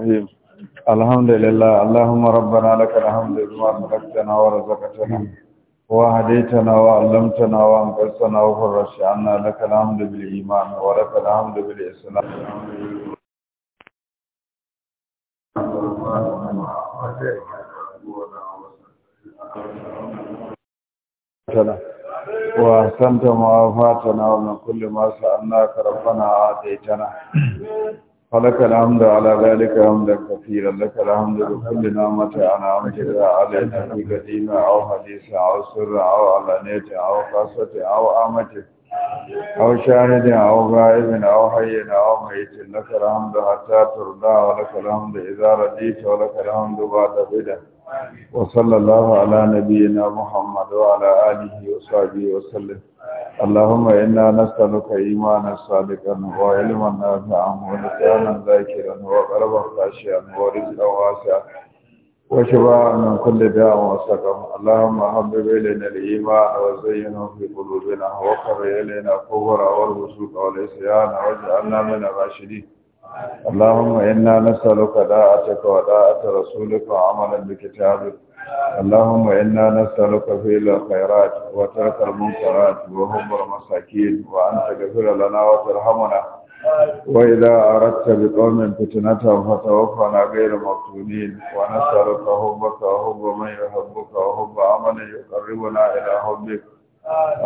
الرحيم الحمد لله اللهم ربنا لك الحمد بما خلقتنا ورزقتنا وهديتنا وعلمتنا وانقذتنا وفرجت عنا لك الحمد بالايمان ولك الحمد بالاسلام وأحسنت معافاتنا ومن كل ما سألناك ربنا آتيتنا فلك الحمد على ذلك حمدا كثيرا لك الحمد بكل نعمة أنعمت بها علينا في قديمة أو حديثة أو سر أو علانية أو خاصة أو آمة أو شاهد أو غائب أو حي أو ميت لك الحمد حتى ترضى ولك الحمد إذا رضيت ولك الحمد بعد بدأ وصلى الله على نبينا محمد وعلى آله وصحبه وسلم اللهم إنا نسألك إيمانا صادقا وعلما نافعا ولسانا ذاكرا وقربا خاشيا ورزقا واسعا وشفاء من كل داء وسقم اللهم حبب إلينا الإيمان وزينه في قلوبنا وقر إلينا الكفر والفسوق والعصيان واجعلنا من الراشدين اللهم إنا نسألك داعتك وداعة رسولك وعملا بكتابك اللهم إنا نسألك فعل الخيرات وترك المنكرات وهم المساكين وأن تغفر لنا وترحمنا وإذا أردت بقوم فتنتهم فتوفنا غير مفتونين ونسألك حبك وحب من يحبك وحب عمل يقربنا إلى حبك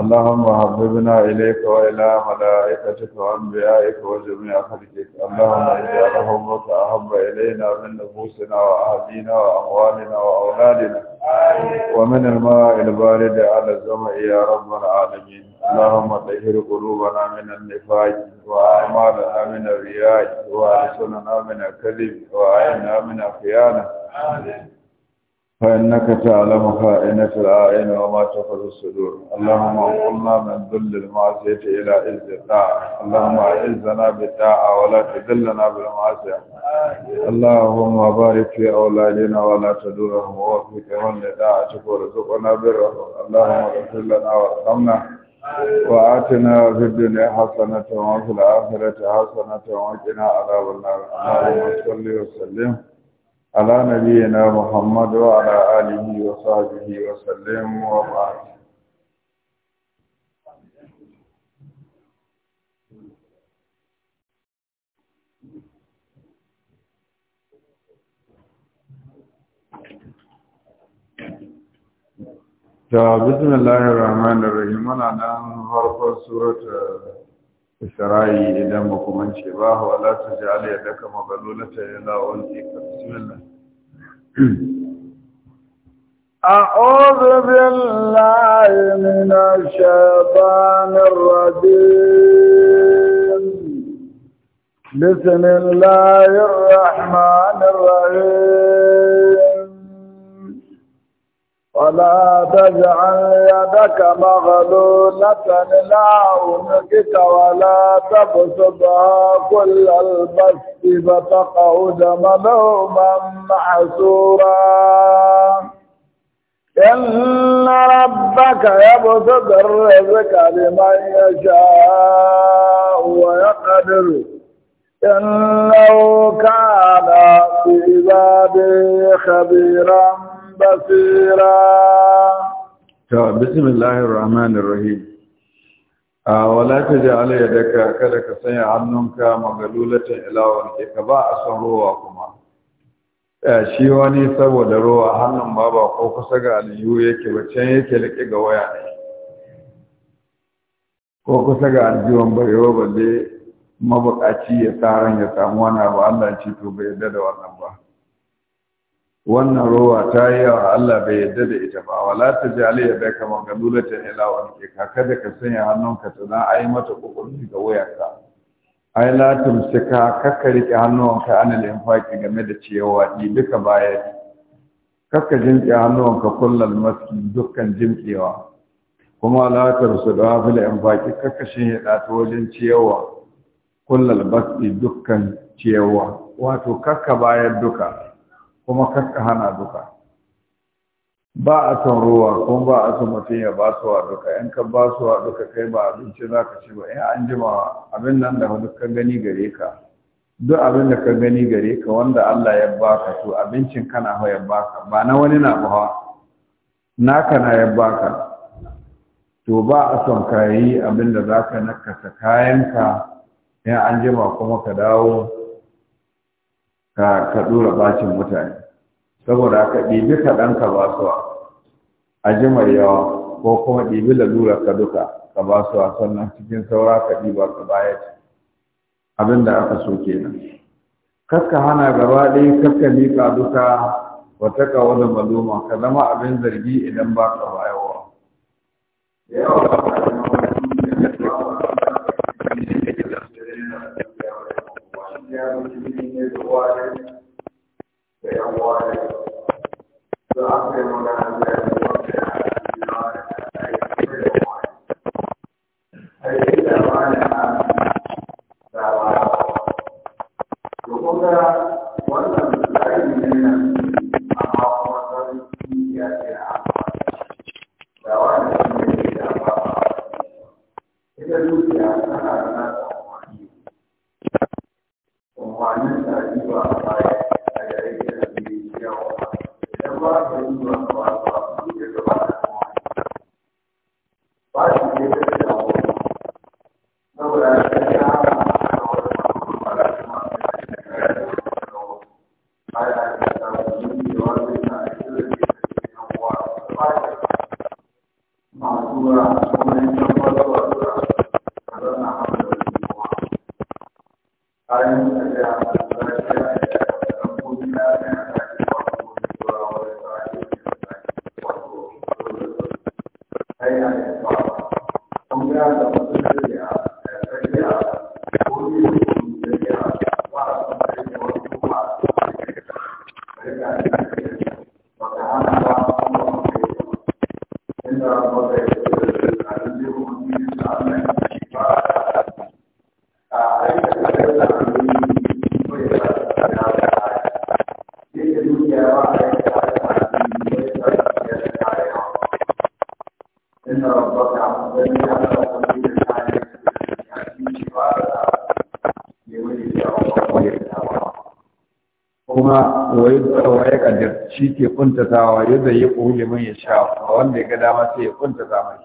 اللهم حببنا إليك وإلى ملائكتك وأنبيائك وجميع خلقك اللهم اجعل حبك أحب إلينا من نفوسنا وأهلينا وأموالنا وأولادنا ومن الماء البارد على الزمع يا رب العالمين اللهم طهر قلوبنا من النفاق وأعمالنا من الرياء ولساننا من الكذب وأعيننا من الخيانة فإنك تعلم خائنة الآئين وما تفض الصدور اللهم انقلنا من ذل المعزية إلى إذ الطاعة اللهم أعزنا بالطاعة ولا تذلنا بالمعزية اللهم بارك في أولادنا ولا تدورهم ووفقهم لطاعتك وارزقنا برهم اللهم اغفر لنا وارحمنا وآتنا في الدنيا حسنة وفي الآخرة حسنة وقنا على النار اللهم صل وسلم على نبينا محمد وعلى آله وصحبه وسلم وبعد ta bismillahir rahmanir rahim muna nan farkon suratul sarayi idan ba kuma ce ba wa la ta ji ala yadda ka magalolata ya bismillah أعوذ بالله من الشيطان الرجيم بسم الله الرحمن الرحيم ولا تجعل يدك مغلولة إلى عنقك ولا تبسطها كل البسط فتقعد ملوما محسورا إن ربك يبسط الرزق لمن يشاء ويقدر إنه كان في بابه خبيرا بصيرا بسم الله الرحمن الرحيم wala ta ji ala ya daga kada ka sanya hannunka magalulatan ilawar ke a son rowa kuma shi wani saboda ruwa hannun ba ko kusa ga aliyu yake ba can yake liƙe ga waya ne ko kusa ga aljiwan barewa balle mabukaci ya tsaron ya samu wani abu allah ci to bai yarda da wannan ba wannan rowa ta yi yawa Allah bai yarda da ita ba wala ta jali ya bai kama ga lulatan ila wani ke kaka da ka sanya hannunka tana a yi mata kokurni ga wayarka ai la riƙe kakka ka ana da infaqi game da cewa ni duka baya kakka jinke ka kullum maski dukkan jinƙewa kuma la tarsuda fil infaqi kakka shin ta wajen cewa kullum maski dukkan cewa, wato kakka bayan duka kuma kakka hana duka ba a son ruwa kuma ba a son mutum ya ba su wa duka in ka ba su wa duka kai ba abinci za ka ci ba in an jima abin nan da hudu ka gani gare ka duk abin da ka gani gare ka wanda Allah ya baka to abincin kana hau ya baka ba na wani na ba naka na ya ka to ba a son ka yi abin da za ka nakasa kayanka in an jima kuma ka dawo ka ɗora bacin mutane saboda ka ɗibi kaɗan ka ba su a ji mai yawa ko kuma ɗibi lalura ka duka ka ba sannan cikin saura ka ɗiba ka baya abin da aka so kenan kakka hana gaba ɗaya kakka miƙa duka wata ka wani maluma ka zama abin zargi idan ba ka bayarwa Yeah, uwa da yan uwa da su aka yi magana ga dama sai ya kunta zamani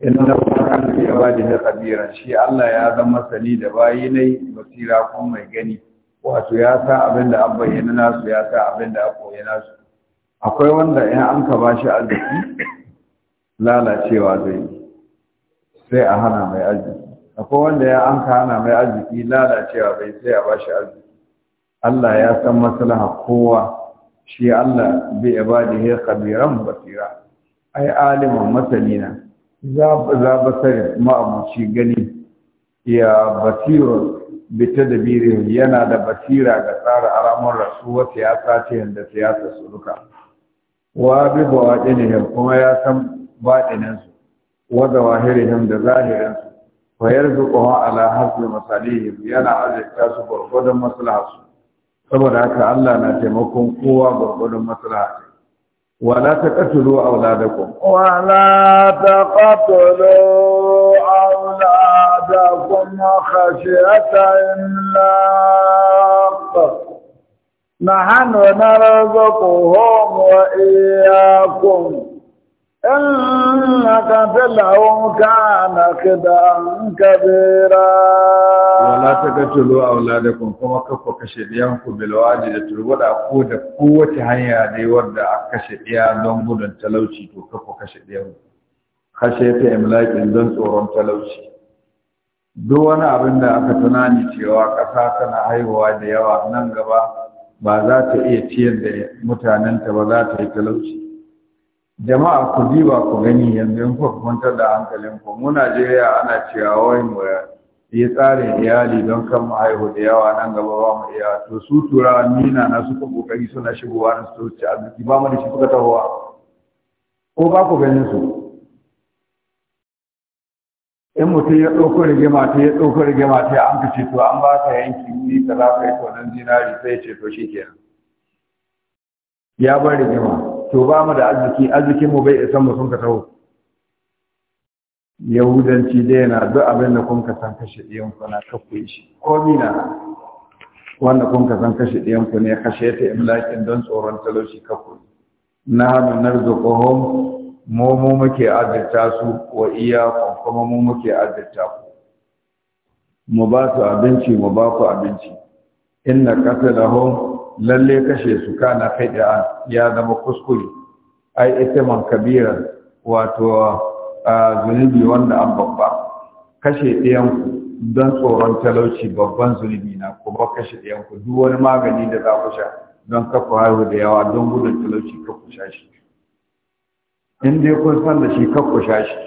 da qur'an fi ibadihi khabira shi Allah ya zama sani da bayi yi basira ko mai gani wato ya sa abin da an bayyana nasu ya sa abin da an koya nasu akwai wanda in an ka bashi arziki lalacewa zai yi sai a hana mai arziki akwai wanda ya an ka hana mai arziki lalacewa bai sai a bashi arziki Allah ya san maslaha kowa shi Allah bi ibadihi kabiran basira ai alimin masanina za basarin ma'amuci gani ya basiru bita da yana da basira ga tsara alamun rasuwa siyasa ce yadda siyasa su duka wa bi bawaɗinihim kuma ya san baɗininsu wa zawahirihim da zahirinsu fa yarzuquhum ala hasbi masalihim yana azurta su gwargwadon maslaha su saboda haka Allah na taimakon kowa gwargwadon maslaha ولا تقتلوا أولادكم ولا تقتلوا أولادكم خشية إملاق نحن نرزقهم وإياكم إنك تلعو كان كدعا كبيرا ولا تقتلوا أولادكم كما كفوا كشديانكم بالواجه لتلوضع قودة قوة هيا دي ورد كشديان دون قودة تلوشي تو كفوا كشديانكم خشيت إملاك دون صورون تلوشي duk wani abin da aka tunani cewa ƙasa tana haihuwa da yawa nan gaba ba za ta iya ciyar da mutanenta ba za ta yi talauci jama'a ku diba ku gani yanzu in kuka kwantar da ku mu najeriya ana cewa wai mu yi tsarin iyali don kan mu haihu da yawa nan gaba ba mu iya to su tura nina na suka kokari suna shigowa na su ci arziki ba mu da shi suka tahowa ko ba ku ganin su in mutum ya ɗauko rigima ta ya ɗauko rigima ta an ka ce to an ba ta yanki ni ta za ka yi tonon zinari sai ce to shi kenan ya bar rigima to ba mu da arziki arzikin mu bai isa mu sun ka taho yahudanci dai yana duk abin da kun ka san kashe ɗiyan ku na kakku shi Ko na wanda kun ka san kashe ɗiyan ku ne kashe ta imlakin don tsoron talauci kakku na hannu narzuquhum mu mu muke azurta su wa iya kuma mu muke azurta ku mu ba su abinci mu ba ku abinci inna qatalahum lalle kashe su kana kai da ya zama kuskure ai ita man kabira wato zunubi wanda an babba kashe ɗayan don tsoron talauci babban zunubi na kuma kashe ɗayan ku duk wani magani da za ku sha don kafa haihu da yawa don gudun talauci ka ku sha shi in dai kun san da shi ka ku sha shi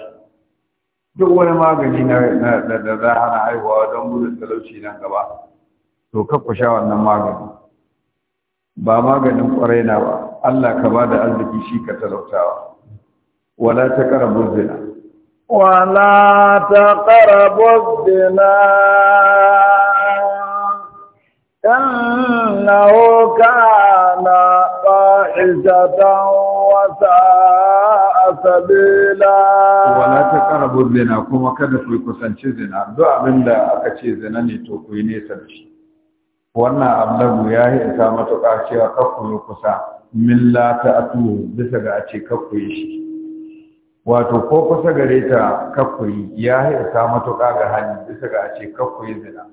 duk wani magani na da za hana haihuwa don gudun talauci nan gaba to ka ku sha wannan magani ba maganin ƙwarai na ba Allah ka ba da arziki shi ka talautawa wala ta karabu zina wala ta karabu zina innahu kana fa'izatan wa wata sabila wala ta karabu zina kuma kada ku kusanci zina duk abinda aka ce zina ne to ku yi nesa da shi wannan ablagu ya yi isa matuƙa cewa kakku yi kusa milla ta atu bisa ga a ce kakku yi shi wato ko kusa gare ta kakku yi ya yi isa matuƙa ga hannu, bisa ga a ce kakku yi zina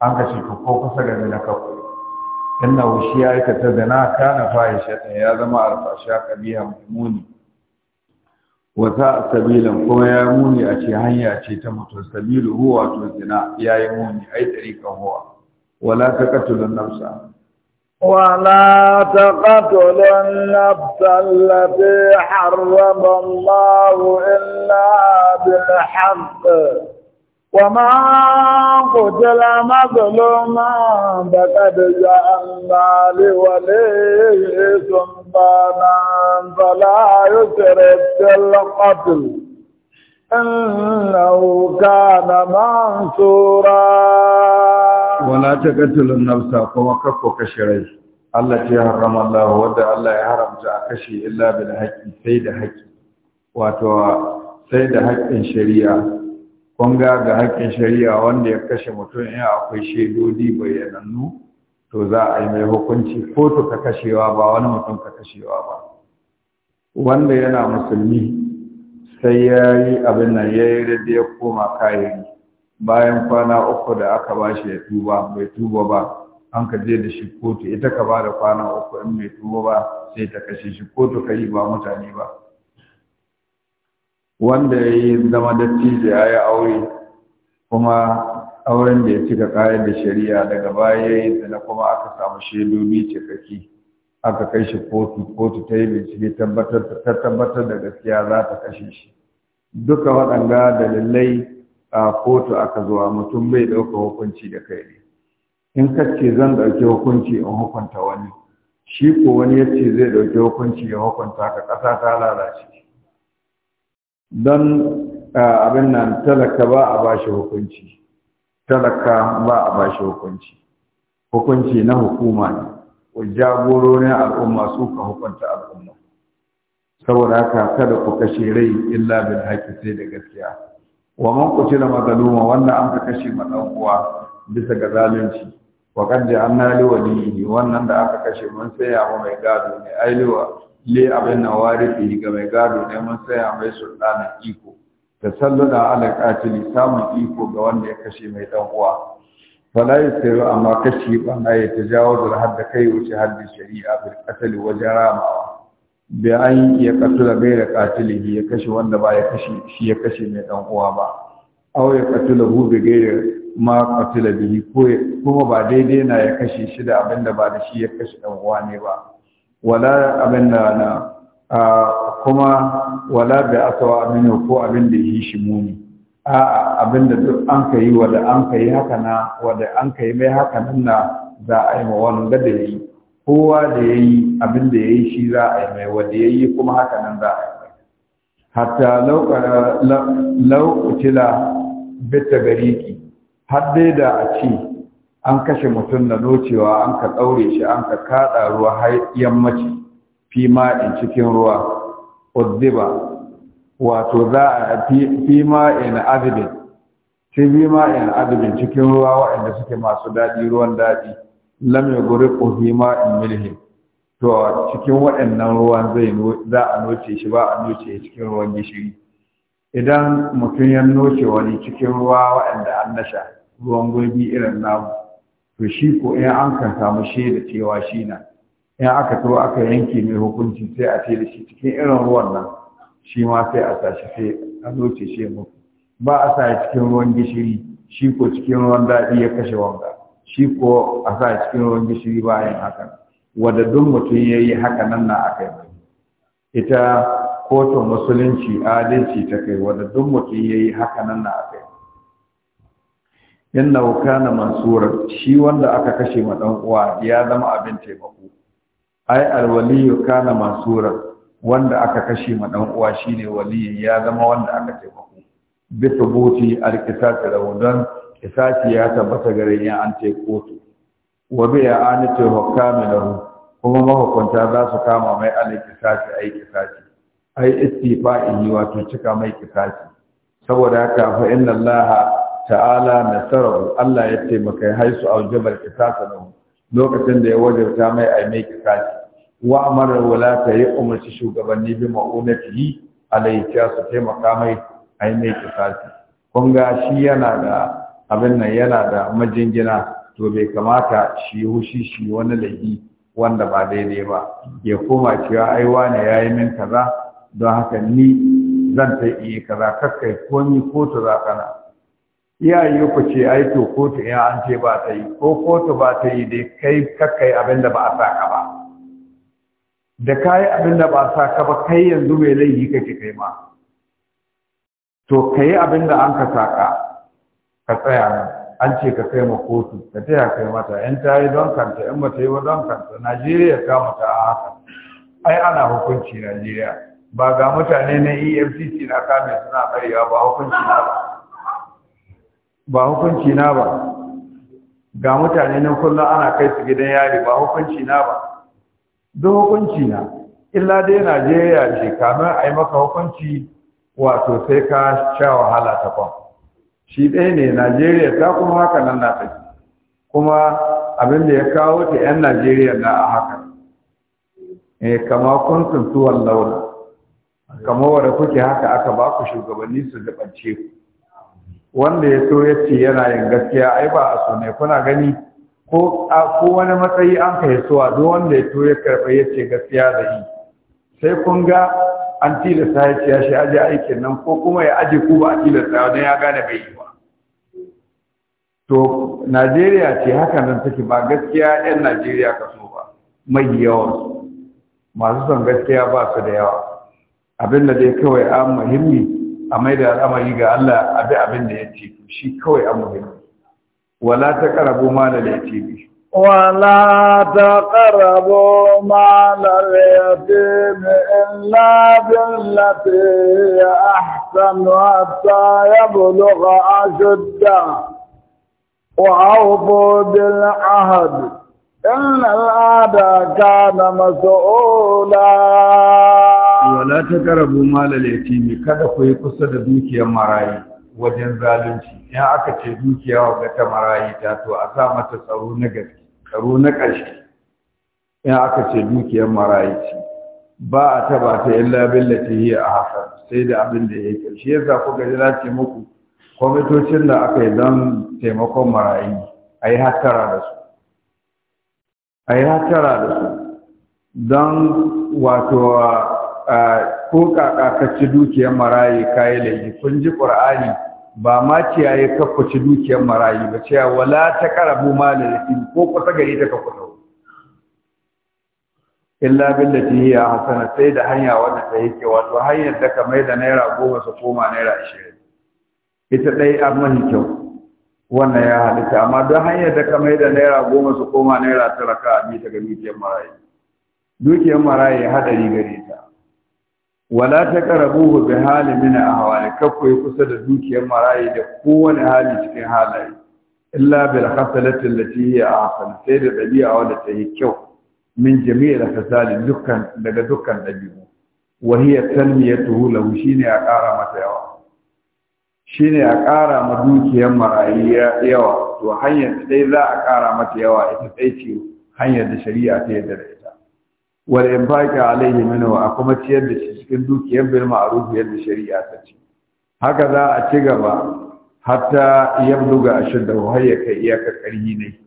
an ka ce ko kusa ga zina kakku yi inna wushi ya aikata zina ka na kana shaɗa ya zama alfashiya kabiya mai muni wata sabilin kuma ya yi muni a ce hanya ce ta mutum sabilu huwa to zina ya yi muni ai tsarika huwa ولا تقتلوا النفس ولا تقتلوا النفس التي حرم الله إلا بالحق وما قتل مظلوما فقد جعلنا لوليه سلطانا فلا يسرف في القتل innahu kana mansura wala taqatulun nafsa fa waqafu kashray Allah ya harrama Allah Allah ya haramta a kashe illa bil haqqi sai da haqqi wato sai da haƙƙin shari'a kun ga ga haƙƙin shari'a wanda ya kashe mutum in akwai shaidodi bayyanannu to za a yi mai hukunci kotu ka kashewa ba wani mutum ka kashewa ba wanda yana musulmi sai ya yi abin nan ya yi rade ya koma kayan bayan kwana uku da aka ba shi ya tuba bai tuba ba an ka je da shi kotu ita ka ba da kwana uku in bai tuba ba sai ta kashe shi kotu ka yi ba mutane ba wanda ya yi zama dattijo ya yi aure kuma auren da ya cika kayan da shari'a daga baya ya yi zina kuma aka samu shaidobi cikakki aka kai shi kotu kotu ta yi bincike ta tabbatar da gaskiya za ta kashe shi duka waɗanga dalilai a kotu aka zuwa mutum bai ɗauka hukunci da kai ne in ka ce zan ɗauki hukunci in hukunta wani shi ko wani ya ce zai ɗauki hukunci ya hukunta ka ƙasa ta lalace don abin nan talaka ba a bashi hukunci talaka ba a bashi hukunci hukunci na hukuma ne jagororin al'umma su ka hukunta al'umma saboda haka kada ku kashe rai illa bin haqqi sai da gaskiya wa man qutila mazluma wanda an ka kashe madan uwa bisa ga zalunci wa qad ja'alna li waliyhi wannan da aka kashe mun saya wa mai gado ne ailiwa li abin nawarifi ga mai gado ne mun saya mai sultanin iko Da tasalluda ala qatili samun iko ga wanda ya kashe mai dan uwa fala yusiru amma kashi bana ya har da kai wuce haddin shari'a bil qatl wa jarama bi an ya qatula ghayra qatilihi ya kashe wanda ba ya kashe shi ya kashe mai dan uwa ba aw ya qatula hu bi ma qatila bihi kuma ba daidai na ya kashe shi da abinda ba shi ya kashe dan uwa ne ba wala abinda asawa kuma wala bi aswa aminu ko abinda yi shi muni a'a da duk an ka yi an ka yi haka na an ka mai haka nan na za a yi ma wanda da ya yi kowa da ya yi da ya yi shi za a yi mai wanda ya yi kuma haka nan za a yi mai hatta laukutila, bita gariki har dai da a ce an kashe mutum na nocewa an ka ɗaure shi an ka kaɗa ruwa har yammaci fi ma'in cikin ruwa uzziba wato za a fi ma in adabin in adabin cikin ruwa waɗanda suke masu daɗi ruwan daɗi lam ya guri fi ma in milhi to cikin waɗannan ruwan zai za a noce shi ba a noce cikin ruwan gishiri idan mutum ya noce wani cikin ruwa waɗanda an nasha ruwan gurbi irin namu to shi ko in an kan samu da cewa shi na in aka to aka yanke mai hukunci sai a ce da shi cikin irin ruwan nan shi ma sai a tashi sai a loce shi muku ba a sa cikin ruwan gishiri shi ko cikin ruwan daɗi ya kashe wanga shi ko a sa cikin ruwan gishiri bayan hakan wanda duk mutum ya yi haka nan na aka yi ita kotun musulunci adalci ta kai wanda duk mutum ya yi haka nan na aka yi inna kana mansura shi wanda aka kashe ma dan uwa ya zama abin taimako ai alwaliyu kana mansura wanda aka kashe ma dan uwa shine waliyin ya zama wanda aka taimako bi tubuti alqisati rawdan qisati ya tabbata garin ya an ce kotu wa bi hokka hukami lahu kuma mahukunta za su kama mai alqisati ai qisati ai istifa'i wato cika mai qisati saboda haka fa inna allaha ta'ala nasarahu Allah ya taimaka haisu aujabal qisasa lahu lokacin da ya wajabta mai ai mai qisati wa amara wala ta yi umarci shugabanni bi ma'unatihi alayhi su taimaka mai ai mai kisasi kun ga shi yana da abin nan yana da majingina to bai kamata shi hushi shi wani laifi wanda ba daidai ba ya koma cewa ai wane yi min kaza don haka ni zan ta iya kaza kakkai komi kotu za kana iyaye ku ce ai to kotu in an ce ba ta yi ko kotu ba ta yi dai kai kakkai abin da ba a ka ba da kayi abin da ba sa ka ba kai yanzu mai laifi kake kai ma to ka yi abin da an ka saka ka tsaya nan an ce ka kai ma kotu ka taya kai mata yan ta yi don kanta yan mata yi wa don kanta najeriya ta mata a haka ai ana hukunci najeriya ba ga mutane na efcc na kame suna karewa ba hukunci na ba ba hukunci na ba ga mutane na kullum ana kai su gidan yari ba hukunci na ba duk hukunci na illa dai Najeriya ce kamar a yi maka hukunci wato sai ka sha wahala ta kwan shi ɗaya ne Najeriya ta kuma haka nan na tafi kuma abin da ya kawo ta 'yan Najeriya na a haka eh kama kun tuntuwan launa kama wadda kuke haka aka ba ku shugabanni su jabance ku wanda ya so ya ce yana yin gaskiya ai ba a so ne kuna gani ko a wani matsayi an kai suwa duk wanda ya to ya karɓa ya ce gaskiya da yi sai kun ga an tilasta ya ce ya shi aji aikin nan ko kuma ya aji ku ba a tilasta wani ya gane bai yi ba to najeriya ce haka nan take ba gaskiya yan najeriya ka so ba mai yawan masu son gaskiya ba su da yawa abin da dai kawai an muhimmi a mai da al'amari ga allah abin da ya ce shi kawai an muhimmi ولا تقربوا مال اليتيم ولا تقربوا مال اليتيم الا بالتي احسن حتى يبلغ أشده واوفوا بالعهد ان العهد كان مسؤولا ولا تقربوا مال اليتيم كذا ku قصه kusa مراي وجن ظالمتي in aka ce dukiya ga ta marayi ta to a sa mata tsaro na gaske tsaro na ƙarshe in aka ce dukiyar marayi ce ba a taba ta illa billati hiya a hasan sai da abin da yake ƙarshe yasa kuka ga jira ce muku kwamitocin da aka yi don taimakon marayi a yi hattara da su a yi hattara da su don wato ko kaka ka ci dukiyar marayi kayi laifi kun ji ƙur'ani ba ma ciyaye kakkuci dukiyar marayi ba ciya wala ta karabu da yatim ko kusa gari ta kakkuta illa billati hiya hasana sai da hanya wanda ta yake wato hanyar da ka mai da naira goma su koma naira ashirin ita dai an mahi kyau wannan ya halitta amma don hanyar da ka mai da naira goma su koma naira tara ka bi ga dukiyar marayi dukiyar marayi hadari gare ta wala ta karabuhu bi hali min ahwali kakko yi kusa da dukiyar marayi da kowane hali cikin halaye illa bil hasalati allati hiya ahsan sai da dabi'a wadda ta yi kyau min jami'il hasali dukkan daga dukkan dabi'u wa hiya tanmiyatuhu lahu shine a ƙara mata yawa shine a ƙara ma dukiyar marayi yawa to hanyar dai za a ƙara mata yawa ita dai ce hanyar da shari'a ta yarda da ita wal infaqi alaihi minhu a kuma ciyar da shi cikin dukiyar bil ma'ruf yadda shari'a ta ce haka za a ci gaba hatta yabluga da har ya kai iyaka karhi ne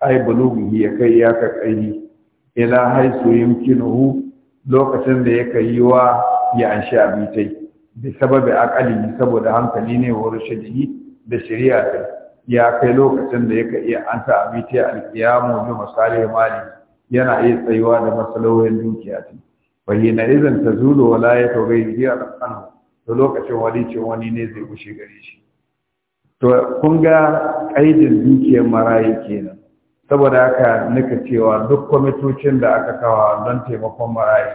ai bulugu ya kai iyaka karhi ila haisu yumkinuhu lokacin da yake yi wa ya anshi abitai bi sababi akali saboda hankali ne wa rushdihi da shari'a ta ya kai lokacin da yake iya anta abitai alkiyamu bi masalih mali yana iya tsayuwa da masalolin dukiya ta bayyana izin ta zulu wala ya taugai biya anhu to lokacin wani ce wani ne zai gushe gare shi to kun ga kaidin dukiyar marayi kenan saboda haka nika cewa duk kwamitocin da aka kawa don taimakon marayi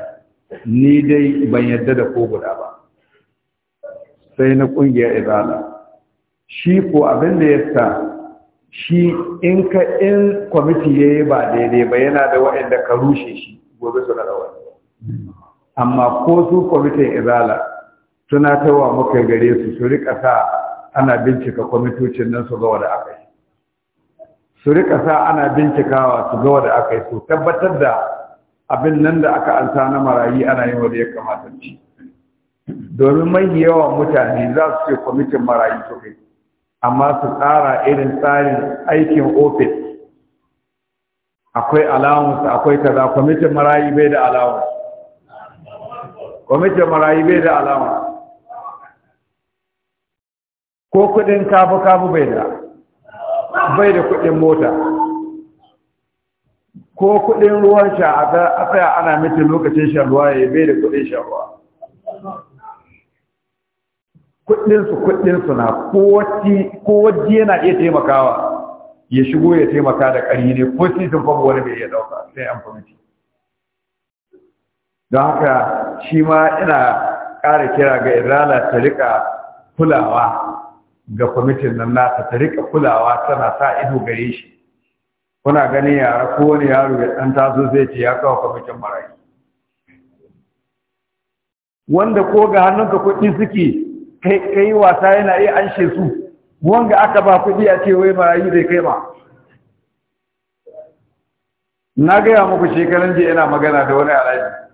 ni dai ban yadda da ko guda ba sai na ƙungiyar izala shi ko abin da ya sa shi in ka in kwamiti ya yi ba daidai ba yana da wa'anda ka rushe shi gobe su da wani amma ko su kwamitin izala suna wa muka gare su su rika sa ana bincika kwamitocin nan su ga da aka yi su rika sa ana bincikawa su ga da aka yi su tabbatar da abin nan da aka ansa na marayi ana yin wanda ya kamata ci domin mai yawan mutane za su ce kwamitin marayi su kai amma su tsara irin tsarin aikin ofis akwai alawansu akwai kaza kwamitin marayi bai da alawansu kwamitin marayu bai da alama ko kudin kafu-kafu bai da bai da kudin mota ko kudin ruwan sha a tsaya ana mitin lokacin sharuwa, ruwa ya bai da kudin sharuwa. ruwa kudinsu kudinsu na kowace yana iya taimakawa ya shigo ya taimaka da ƙari ne ko sifin fama wani bai ya dauka sai an kwamiti don haka shi ma ina ƙara kira ga izala ta rika kulawa ga kwamitin nan nata ta rika kulawa tana sa ido gare shi kuna ganin yara ko wani yaro ya ɗan taso zai ce ya kawo kwamitin marayi wanda ko ga hannunka kuɗi suke kai kai wasa yana iya anshe su wanga aka ba kuɗi a ce wai marayi zai kai ma na gaya muku shekaran jiya yana magana da wani alaji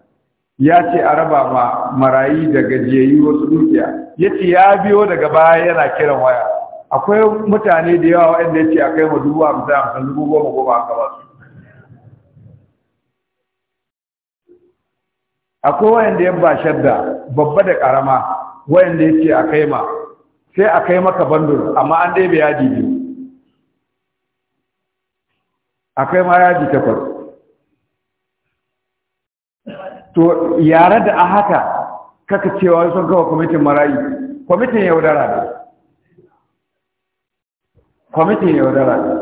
ya ce a raba ma marayi da gajiyayyu wasu dukiya ya ce ya biyo daga baya yana kiran waya akwai mutane da yawa waɗanda ya ce a kai ma dubu hamsin hamsin dubu goma goma aka ba su akwai da ya ba shadda babba da karama wayanda ya ce a kai ma sai a kai maka bandul amma an dai bai yaji biyu a kai ma yaji takwas to yare da a haka kaka cewa sun kawo kwamitin marayi kwamitin yaudara ne kwamitin yaudara ne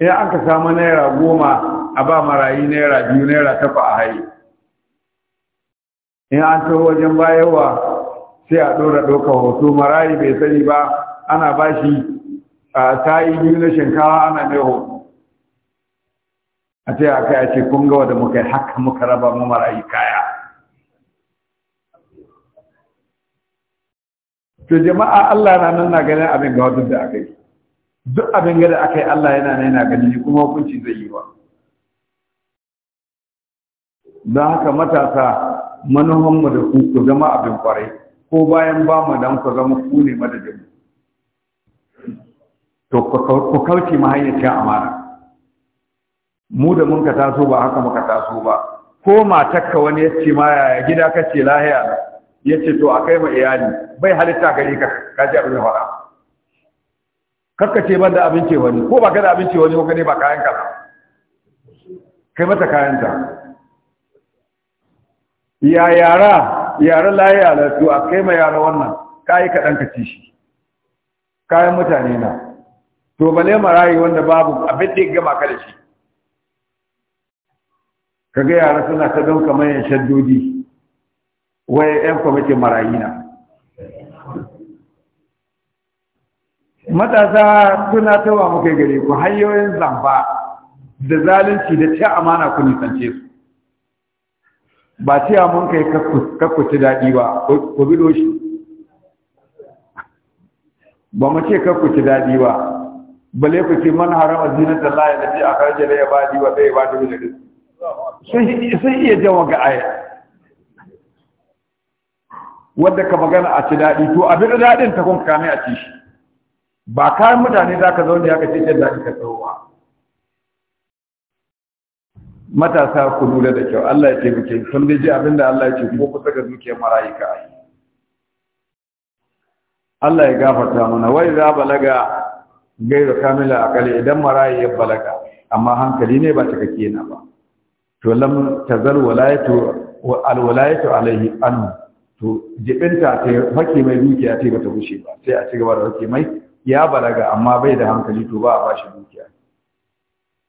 idan an ka samu naira goma a ba marayi naira biyu naira tafa a haye in an taho wajen bayarwa sai a ɗora ɗaukar hoto marayi bai sani ba ana ba shi tayi biyu na shinkawa ana mai hoto a ce aka yace kun gawa da muka yi haka muka raba mu marayi kaya to jama'a Allah na nan na ganin abin ga wadda aka yi duk abin ga aka yi Allah yana nan yana gani kuma hukunci zai yi wa don haka matasa manuhanmu da ku ku zama abin kwarai ko bayan ba mu dan ku zama ku ne madadin to ku kauce mahayyacin amana mu da mun ka taso ba haka muka taso ba ko matakka wani ya ce ma yaya gida ka ce lahiya na ya ce to a kai ma iyali bai halitta gari ka ka ji abin hora kakka ce ban da abinci wani ko ba ka da abinci wani ko ne ba kayan ka kai mata kayan ta ya yara yara lahiya na to a kai ma yara wannan ka kaɗan ka ci shi kayan mutane na to bale marayi wanda babu abin da ya gama ka da shi kaga yara suna ta don kamar waye shaddodi wai yan kwamitin marayina matasa suna ta wa muka gare ku hanyoyin zamba da zalunci da ce amana ku nisance su ba ce mun kai kakkuci daɗi ba ku bi doshi ba mu ce kakkuci daɗi ba bale ku ce man harama zinata Allah ya ce a karje da ya badi wa ɗaya ba da rizki sun iya jawa ga aya wadda ka magana a ci daɗi to abin da daɗin ta kun kame a ci shi ba kayan mutane za ka zaune ya ka ce jin daɗi ka tsawo ba matasa ku lura da kyau Allah ya taimake kun sun ji abin da Allah ya ce ko kusa ga dukiyar marayi ka yi Allah ya gafarta mana wai za balaga gairu kamila akali idan marayi ya balaga amma hankali ne ba cikakke na ba to lam tazal walayatu walayatu alayhi an to jibinta ta hake mai dukiya ta bata bushe ba sai a cigaba da hake mai ya balaga amma bai da hankali to ba a bashi dukiya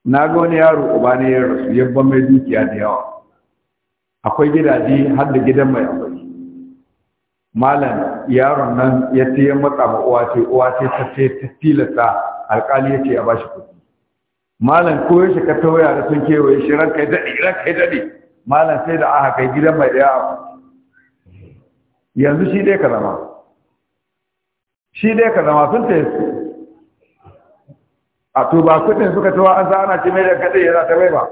na ga wani yaro uba ne ya rasu yabban mai dukiya da yawa akwai gidaje har da gidan mai amfani malam yaron nan ya tiyan matsa ma uwa ce uwa ce ta tilasta alƙali ya ce a bashi kuɗi malam ko yaushe ka tawaya da sun kewaye shi ranka ya daɗe ranka ya daɗe malam sai da aka kai gidan mai ɗaya yanzu shi dai ka zama shi dai ka zama sun ta yi a to ba kudin suka tawa an sa ana ce mai da kaɗai yana ta mai ba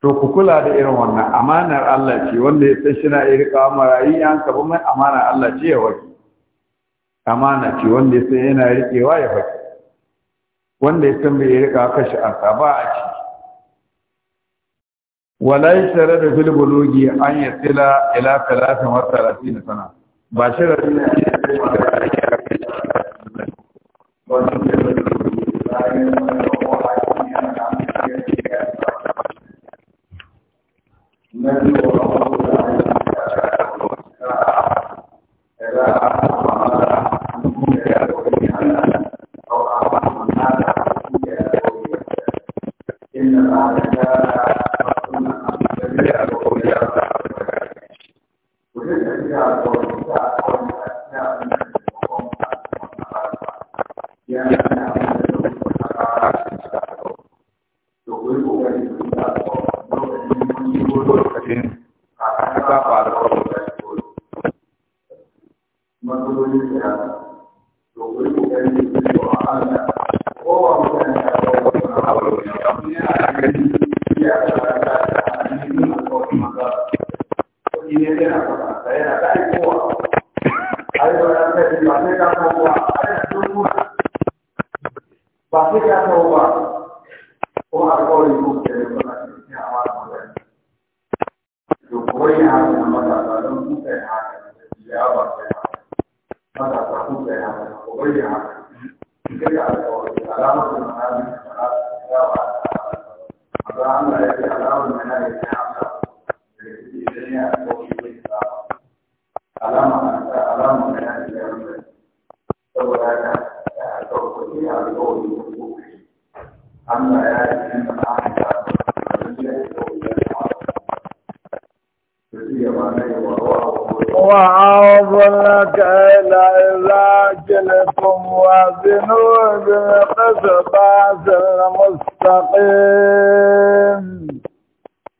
to ku kula da irin wannan amanar Allah ce wanda ya san shi na iri kawo marayi an kaba mai amanar Allah ce ya wani. amana ce wanda ya san yana riƙewa ya faki wanda ya san bai rika kashi a ba a ci walai tare da filibologi an ya tsila ila talatin talatin sana ba shi rasu ne a yi a a Thank you.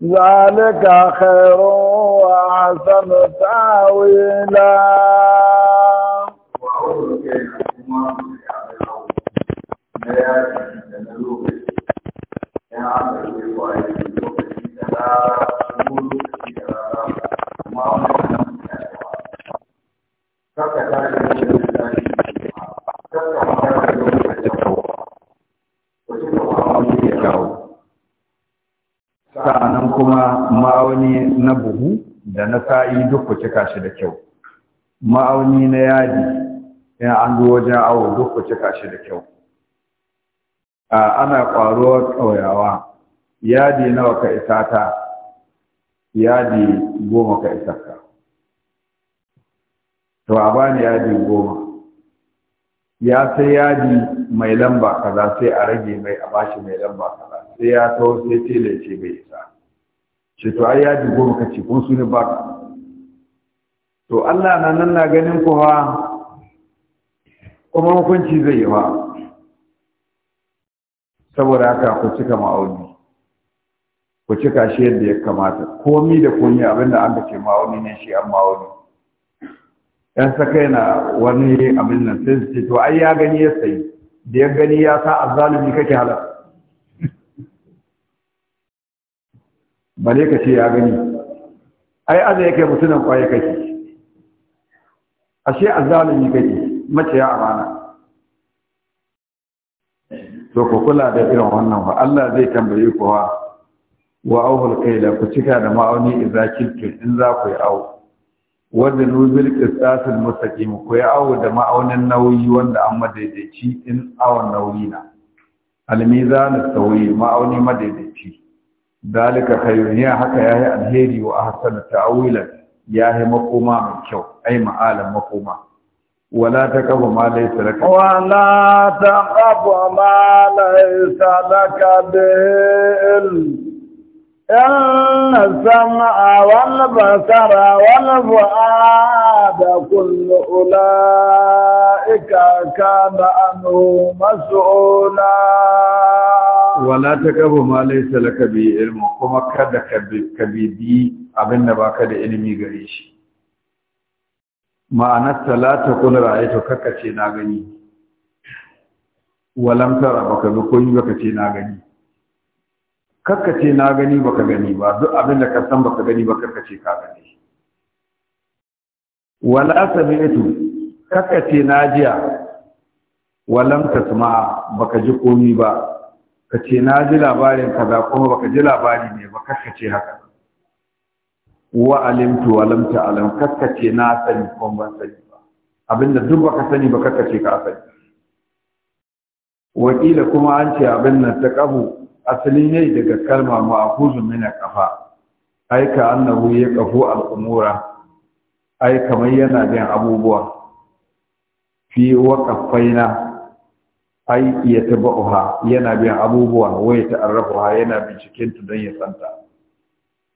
ذلك خير وأحسن تاويلا Thank you. ma'auni na buhu da na sa'i duk ku cika shi da kyau ma'auni na yadi in an zo wajen awo duk ku cika shi da kyau ana ƙwaruwar ƙauyawa yadi nawa ka isa ta yadi goma ka isa ka to a bani yadi goma ya sai yadi mai lamba kaza sai a rage mai a bashi mai lamba kaza sai ya taho sai tilace bai isa ce to ai yaji goma kace kuma su ne ba to Allah na nan na ganin kowa kuma hukunci zai yi ba saboda haka ku cika ma'auni ku cika shi yadda ya kamata komi da komi abinda an ce ma'auni ne shi an ma'auni yan sakai na wani abin nan sai su ce to ai ya gani ya sayi da ya gani ya sa azalumi kake halar bale ka ce ya gani ai aza yake mutunan kwaye kake ashe azalimi kake ya amana to ku kula da irin wannan ba Allah zai tambaye ku wa wa auhul kaila ku cika da ma'auni idza kiltum in za ku yi awo wanda nuzul qistasul mustaqim ku yi awo da ma'aunin nauyi wanda an madaidaici in awon nauyi na almizan sawi ma'auni madaidaici dalika khayruniya haka yayi alheri wa ahsana ta'wila yayi makoma mai kyau ai ma'ala makoma wala taqab ma laysa lak wala taqab ma laysa lak bil inna sam'a wal basara wal fu'ada kullu ulaika kana anhu mas'ula wala ta gaba ma laisa laka bi ilmu kuma kada ka bibi abin da baka da ilimi gare shi Ma'ana talata kun ra'aytu kaka ce na gani walam tara baka bi kun baka ce na gani kaka ce na gani baka gani ba duk abin da ka san baka gani baka kaka ce ka gani wala sami'tu kaka ce na jiya walam tasma'a baka ji komi ba ka ce na ji labarin kaza kuma baka ji labari ne ba kakkace haka wa alimtu wa lam ta'lam kakkace na sani ko ban sani ba abinda duk baka sani ba kakkace ka sani wakila kuma an ce abin nan ta kabu asali ne daga kalma ma'khuzun min kafa ai ka annahu ya kafu al ai kamar yana bin abubuwa fi waqafaina ai ya taba'uha yana bin abubuwa waya ha yana binciken ta don ya santa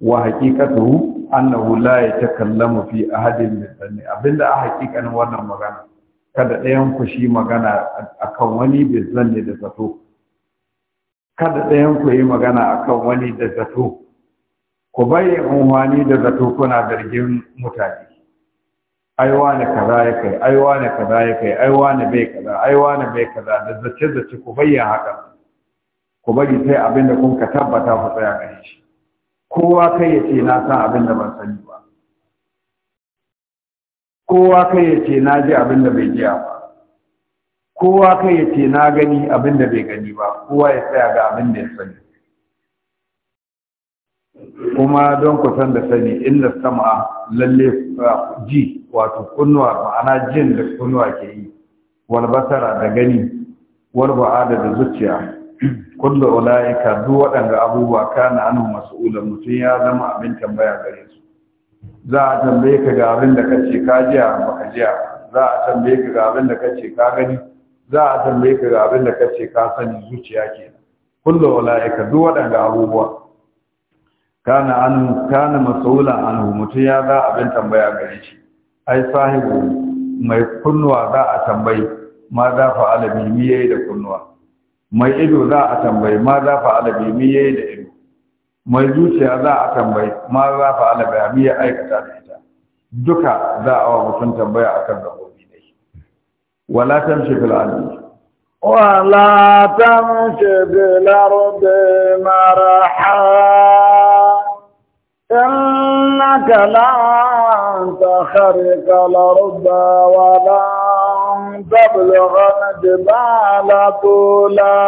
wa haqiqatu annahu la yatakallamu fi ahadin min sanni abinda a haqiqanin wannan magana kada ɗayan ku shi magana akan wani bi da zato kada ɗayan ku yi magana akan wani da zato ku bai unhwani da zato kuna zargin mutane aiwa na kaza ya kai aiwa na kaza ya kai aiwa na bai kaza aiwa na bai kaza da zace zace ku bayyana haka ku bari sai abin da kun ka tabbata ku tsaya kan shi kowa kai ya ce na san abin da ban sani ba kowa kai ya ce na ji abin da bai ji ba kowa kai ya ce na gani abin da bai gani ba kowa ya tsaya ga abin da ya sani kuma don ku san da sani inna sama lalle ji wato kunnuwa ma'ana jin da kunnuwa ke yi wal basara da gani wal ba'ada da zuciya kullu ulaika duk waɗanda abubuwa kana anhu mas'ula mutum ya zama abin tambaya gare su za a tambaye ka ga abin da kace ka jiya baka a, za a tambaye ka ga abin da kace ka gani za a tambaye ka ga abin da kace ka sani zuciya ke kullu ulaika duk waɗanda abubuwa kana anhu kana mas'ula anhu mutum ya za abin tambaya gare shi ai sahibu mai kunnuwa za a tambayi ma za fa alabi mi yayi da kunnuwa mai ido za a tambayi ma za fa alabi mi yayi da ido mai zuciya za a tambayi ma za fa alabi mi ya aikata da ita duka za a wa mutum tambaya akan gabobi dai wala tamshi fil ardi wala tamshi bil ardi marha إنك لا تخرق الأرض ولا تبلغ الجبال طولا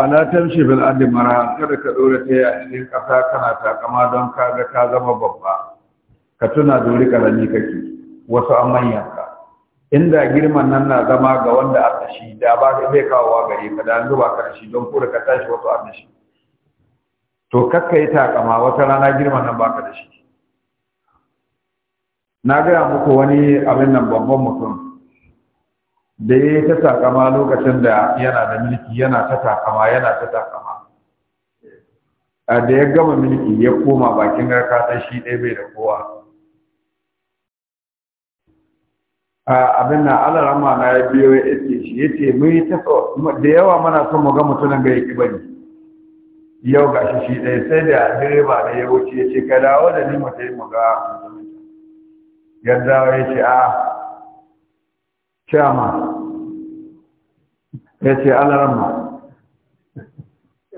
ولا تمشي في الأرض مرة kada ka dore ta yi a cikin ƙasa kana takama don kaga ka zama babba ka tuna dori karami kake wasu an inda girman nan na zama ga wanda a da ba zai kawowa gare ka da yanzu ba ka don kura ka tashi wasu a to kakka yi takama wata rana girman nan baka da shi na gaya muku wani abin nan babban mutum da ya yi ta takama lokacin da yana da mulki yana ta takama yana ta takama A da ya gama mulki ya koma bakin garka sai shi ɗaya bai da kowa A abin na alarama na ya biyo ya ce shi ya ce mai da yawa mana son mu ga mutumin ga ya ƙi bari yau ga shi shi ɗaya sai da direba na ya wuce ya ce ka dawo da ni mu mu ga yadda ya ce a ah, cama ya ce alarma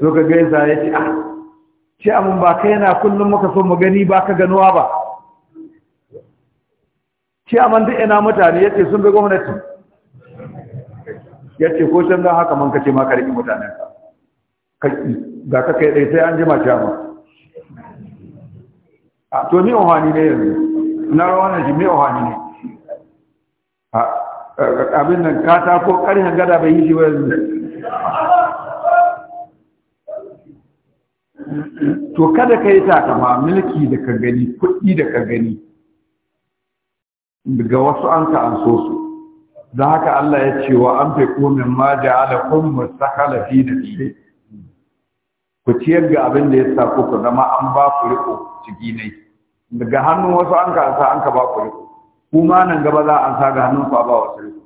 so ka gaisa ya ce a ah, ce amin ba kai yana kullum muka so mu gani ba ka ganuwa ba ce amin duk ina mutane ya ce sun ga gwamnati ya ce ko shan ga haka man ka ce ma karki mutanenka kai ga ka kai sai an jima jama a to ni ohani ne yanzu na rawanan shi me ohani ne a abin nan ta ko karin gada bai yi shi ba yanzu to kada ka yi takama mulki da ka gani kuɗi da ka gani daga wasu an ka an so su don haka Allah ya ce wa an fi min ma ja'alakum kun fi da ku ciyar ga abin da ya sa ku zama an ba ku riko ciki ne daga hannun wasu an ka sa an ka ba ku riko ma nan gaba za a sa ga hannun ku ba wasu riko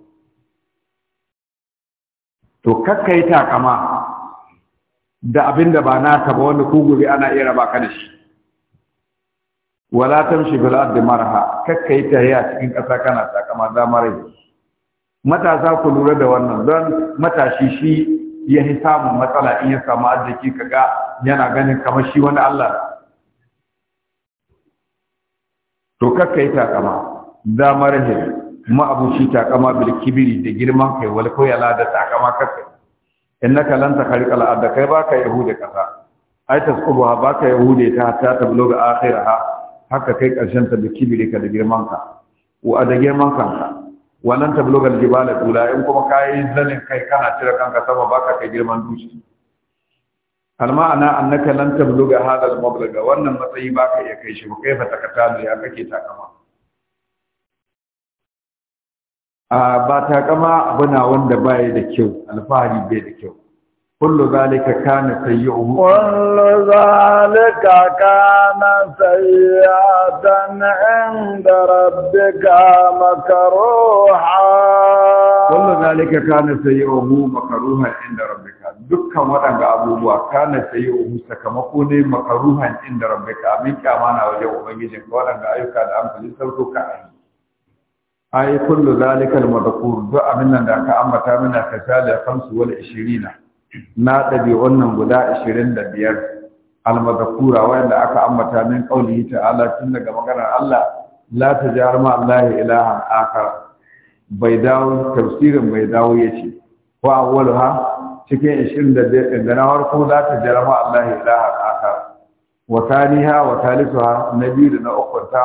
to kakkai takama da abin da ba naka ba wanda ku gobe ana iya raba ka da shi wala tamshi fil ard marha kakkai ta ya cikin kasa kana takama da marai matasa ku lura da wannan don matashi shi ya yi samun matsala in ya samu arziki kaga yana ganin kamar shi wani Allah to kakka yi takama za marahil ma'abuci takama bil kibiri da girman kai wal koyala da takama kakka innaka lan takhriqa al da kai ba baka yahude kasa ai ka baka yahude ta ta akhira ha, haka kai karshen ta bil kibiri ka da girman ka wa da girman kanka wannan tablogal jibala tula in kuma kayi zanin kai kana cire kanka sama baka kai girman dushi kalma ana annaka lan tabluga hada al-mablaga wannan matsayi baka iya kai shi ba kai ka takatalu ya kake takama a ah, ba takama na wanda baya da kyau alfahari bai da kyau كل ذلك كان سيئه كل ذلك كان سيئة عند ربك مكروها كل ذلك كان سيئه مكروحا عند ربك دكا مدن أبوه كان سيئه سكمقوني مكروحا عند ربك من كامانا وجوه مجيجن قولن أيوكا دعمت لسوتك أي كل ذلك المذكور دعا منا دعا منا كسالة خمس والعشرين na ɗabi'un nan guda ashirin da biyar almadakura wanda aka ambata min ƙaunihi ta'ala tun daga maganar Allah la ta jar ma Allah ilahan akar bai dawo tafsirin bai dawo ya ce wa awwaluha cikin ashirin da biyar ɗin da na farko la ta jar ma Allah ilahan akar wa taniha wa ha, na biyu da na ukunta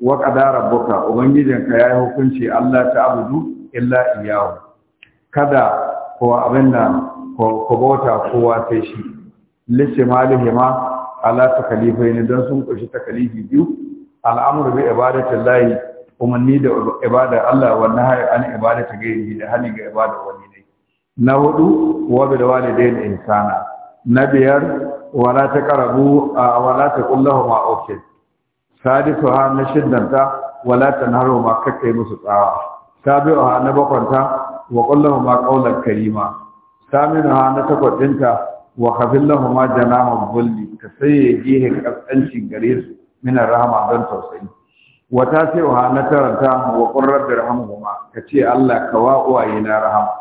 wa qadara rabbuka ubangijinka yayi hukunci Allah ta abudu illa iyahu kada ko abin nan ku bauta kowa sai shi lissi malihima ala ta takalifai ne don sun kushi takalifi biyu al'amuru bi ibadatin layi umarni da ibada Allah wa nahyi an ibadati gairi da hali ga ibada wani ne na hudu wa bi da walidain insana na biyar wala taqrabu wala taqullahu ma ofis. sadisu ha na shiddanta wala ta tanharu ma kakkai musu tsawa sabi'u ha na bakwanta wa qullahu ma qawlan karima saminu ha na takwas wa kafin lahuma janama bulli ka saye gehen ƙasƙancin gare su minar rahama don tausayi wata ce wa na taranta wa ƙurrar da rahamuma ka ce Allah ka wa uwaye na rahama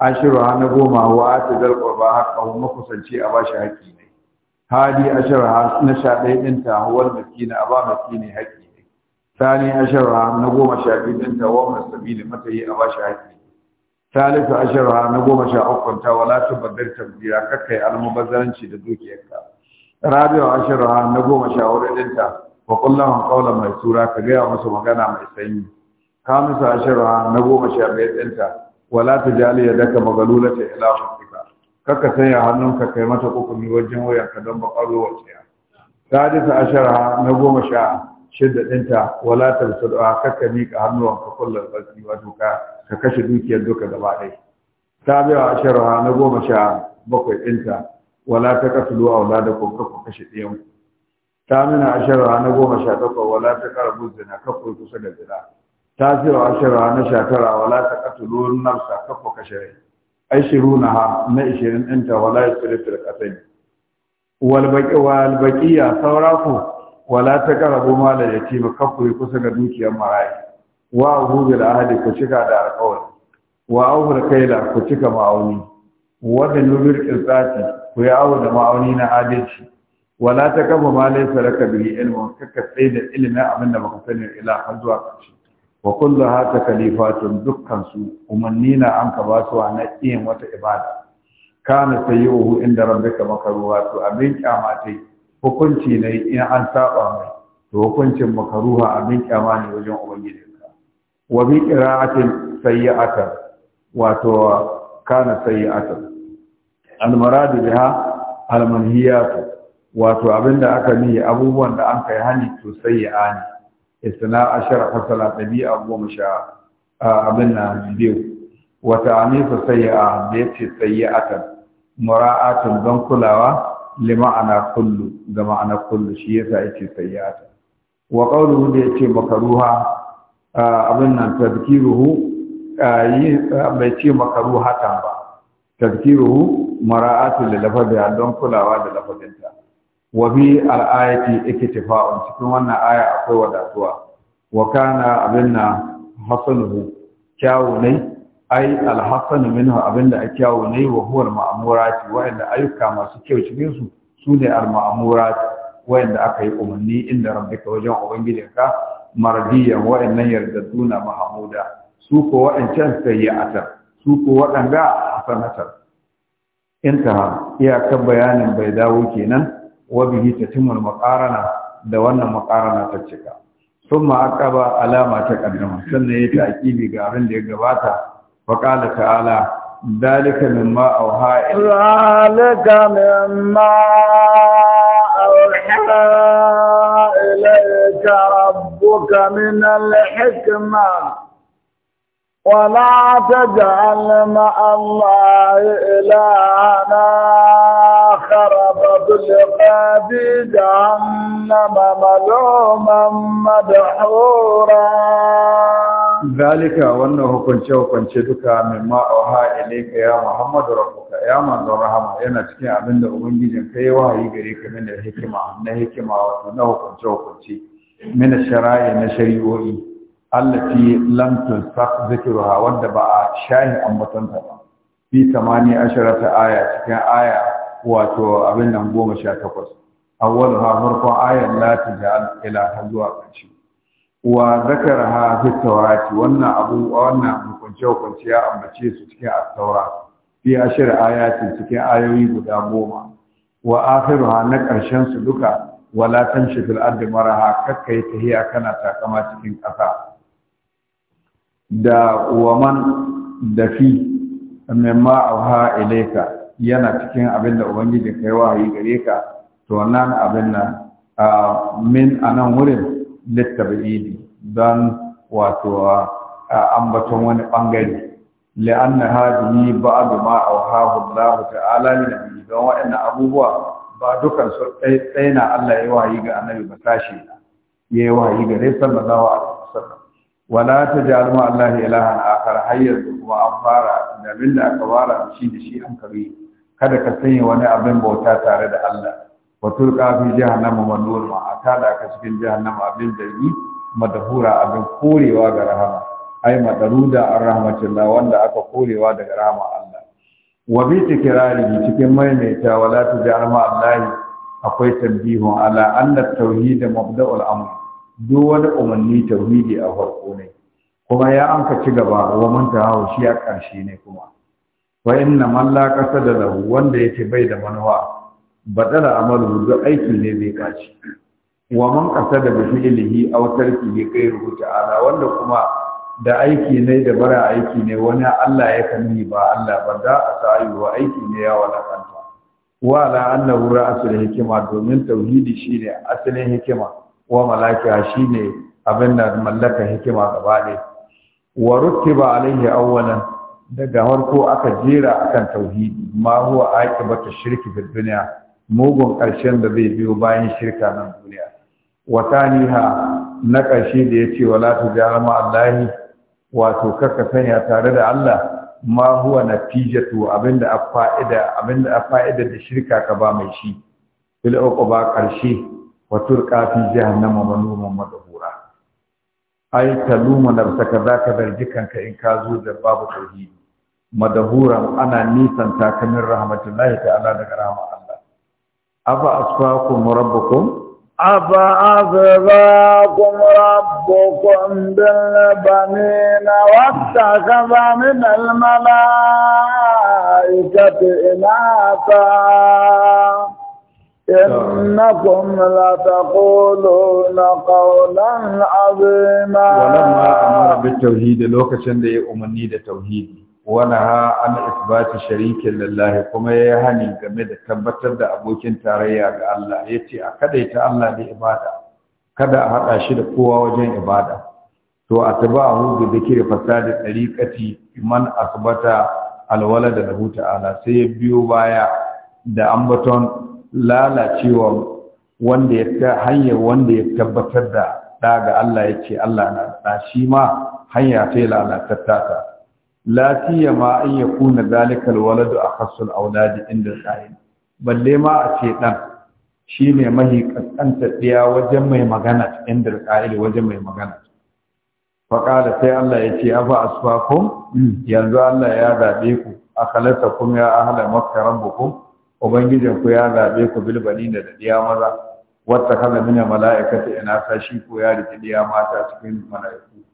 ashiru ha na goma wa ati zal qurba haqqa wa makusanci a bashi haƙƙi ne hadi ashiru ha na sha ɗaya ɗinta wal miskina a ba miskini haƙƙi ne sani ashiru ha na goma sha biyu ɗinta wa masabili mata yi a bashi haƙƙi talifu ashirha na goma sha uku ta wala su badar tabbira ka kai almubazzaranci da dukiyarka rabi'u ashirha na goma sha hudu dinta wa kullahu qawlan mai tura ka ga musu magana mai sanyi kamisu ashirha na goma sha biyar dinta wala ta jali ya daka magalulata ila hukuka kakka sanya hannunka kai mata uku ni wajen wayarka don ba ƙaruwar ciya sadisa ashirha na goma sha shidda ɗinta wala tabsadu ka kakka miƙa hannuwanka kullum barki, wato ka ka kashe dukiyar duka gaba ɗaya ta biya asharha na goma sha bakwai ɗinta wala ta da auladakum kakku kashe ɗiyan ta mina asharha na goma sha takwas wala ta karabu zina kakku kusa da zina ta biya asharha na sha tara wala ta katulu nafsa kakku kashe rai ashirunaha na ishirin ɗinta wala ya tsirifir ƙasai walbaƙiya saura ku wala ta karabu mala yatima kakku kusa ga dukiyar marayi wa ahu da ahdi ku cika da alƙawari wa ahu kaila ku cika ma'auni wa da nubir qisati ku yi ahu da ma'auni na adalci wala ta kafa ma laysa laka bihi kakka sai da ilimin abin da baka sani ila har zuwa ƙarshe wa kullu hata kalifatun dukkan su umanni na an ka ba su na iya wata ibada kana sayyuhu inda rabbika makaruwa to abin yi. hukunci ne in an saba mai to hukuncin makaruha abin kyama ne wajen ka. wa bi qira'atin sayyi'ata wato kana sayyi'ata al maradu biha al manhiyat wato abinda aka ni abubuwan da an kai hani to sayyi'a ne isna ashara fasala tabi'a goma sha abin na biyu wata anifa sayyi'a bi yace sayyi'atan mura'atun don kulawa lima'ana kullu ga ma'ana kullu shi yasa yace sayyata wa qawluhu da yace makaruha abin nan tadhkiruhu bai ce makaruha ta ba tadhkiruhu mara'atu lil lafadha don kulawa da lafadinta wa bi al ayati iktifa'un cikin wannan aya akwai wadatuwa wa kana abin hasanuhu kyawu ne ai alhasan min abinda a kyawu ne wa huwar ma'amurati wa'anda ayyuka masu kyau cikin su su ne al-ma'amurati wa'anda aka yi umarni inda rabbika wajen ubangijinka mardiya wa'annan yardaduna mahamuda su ko wa'ancan sayyi'atar su ko waɗanda hasanatar intaha iyakar bayanin bai dawo kenan wa bihi tatimul maqarana da wannan maqarana ta cika summa aqaba alama ta qaddama sannan ya ta'kibi ga abin da ya gabata وقال تعالى ذلك مما أوحى ذلك مما أوحى إليك ربك من الحكمة ولا تجعل مع الله إلهنا ضرب بالقاف جهنم ملوما مدحورا ذلك وانه hukunce hukunce duka min ma auha ilayka ya muhammadu rabbuka ya manzon rahama yana cikin abin da ubangijin kai wahayi gare ka min da hikima na hikima wato na hukunce hukunce min shara'i na shari'o'i allati lam tusaq zikruha wanda ba a shahi ambatanta ba fi 18 aya cikin aya wato abin nan goma sha takwas awwalu ha farkon ayar la taj'al ila zuwa kanci wa zakara ha fi tawrati wannan abu wannan hukunce ya ambace su cikin at-taura fi ashir ayati cikin ayoyi guda goma wa akhiruha na karshen su duka wala tamshi fil ardi maraha kakkai tahiya kana takama cikin kasa da waman da fi mimma auha ilaika yana cikin abin da ubangiji kai wahayi gare ka to wannan abin nan min a nan wurin littabi'idi don wato ambaton wani bangare a wahabu. Da za awhahu Allah ta'ala da biyu don waɗannan abubuwa ba dukan su dai na Allah ya wahayi ga annabi ba tashi ya yi wahayi gare sallallahu alaihi wasallam wala ji ma Allah ilahan akhar a wa afara da min da aka fara shi da shi an kare kada ka sanya wani abin bauta tare da Allah wa turqa fi jahannama mandur ma atada ka cikin jahannama abin zargi madahura abin korewa ga rahama ai madaruda ar rahmatillah wanda aka korewa daga rahama Allah wa bi tikrarihi cikin maimaita wala tujar ma Allah akwai tambihun ala anna tauhid mabda'ul amr duk wani umarni tauhidi a farko ne kuma ya amka ci gaba wa manta hawo shi a ƙarshe ne kuma wa inna man la kasada lahu wanda yake bai da manwa badala amalu da aiki ne zai kaci wa man kasada bi fi'lihi aw tarkihi ghayruhu ta'ala wanda kuma da aiki ne da bara aiki ne wani Allah ya kanni ba Allah ba da a wa aiki ne ya walakanta wa la annahu ra'sul hikima domin tauhidi shine asalin hikima wa malaka shine abin da mallaka hikima gaba ne wa rutiba alaihi awwalan daga ko aka jera kan tauhidi ma huwa bata shirki da duniya, mugun karshen da zai biyo bayan shirka nan duniya wataniha na ƙarshe da yace wala tujara ma allahi wato karka sanya tare da Allah ma huwa natijatu abinda a fa'ida abinda a fa'ida da shirka ka ba mai shi fil ba karshe wa turqa fi jahannama maluman madhura ai taluma nafsaka zaka zargi kanka in ka zo da babu tauhidi madahuran ana nisan takamin rahmatullahi ta'ala daga rahama Allah aba asfaqum rabbukum aba asfakum rabbukum bil banina wattakhadha min al malaikati inata إنكم لتقولون قولا عظيما ولما أمر بالتوحيد لوكشن دي أمني التوحيد ونهى عن إثبات شريك لله كما يهني game da tabbatar da abokin tarayya ga Allah yace a ta Allah da ibada kada a haɗa shi da kowa wajen ibada to a a atba'ahu bi fasa da tariqati man asbata da lahu ta'ala sai ya biyo baya da ambaton lalacewa wanda ya hanya wanda ya tabbatar da ɗaga ga Allah yace Allah na da shi ma hanya sai lalatatta ta ma siyama an yakuna zalika alwaladu akhasul auladi inda sa'in balle ma a ce dan shine mahi kaskanta tsiya wajen mai magana inda sa'il wajen mai magana faqala sai Allah ya ce afa asfakum yanzu Allah ya zaɓe ku A kuma ya ahla makka rabbukum ubangijin ku ya zaɓe ku bilbani da ɗiya maza wata kana mina mala'ikata ina sashi ko ya rike ɗiya mata cikin mala'iku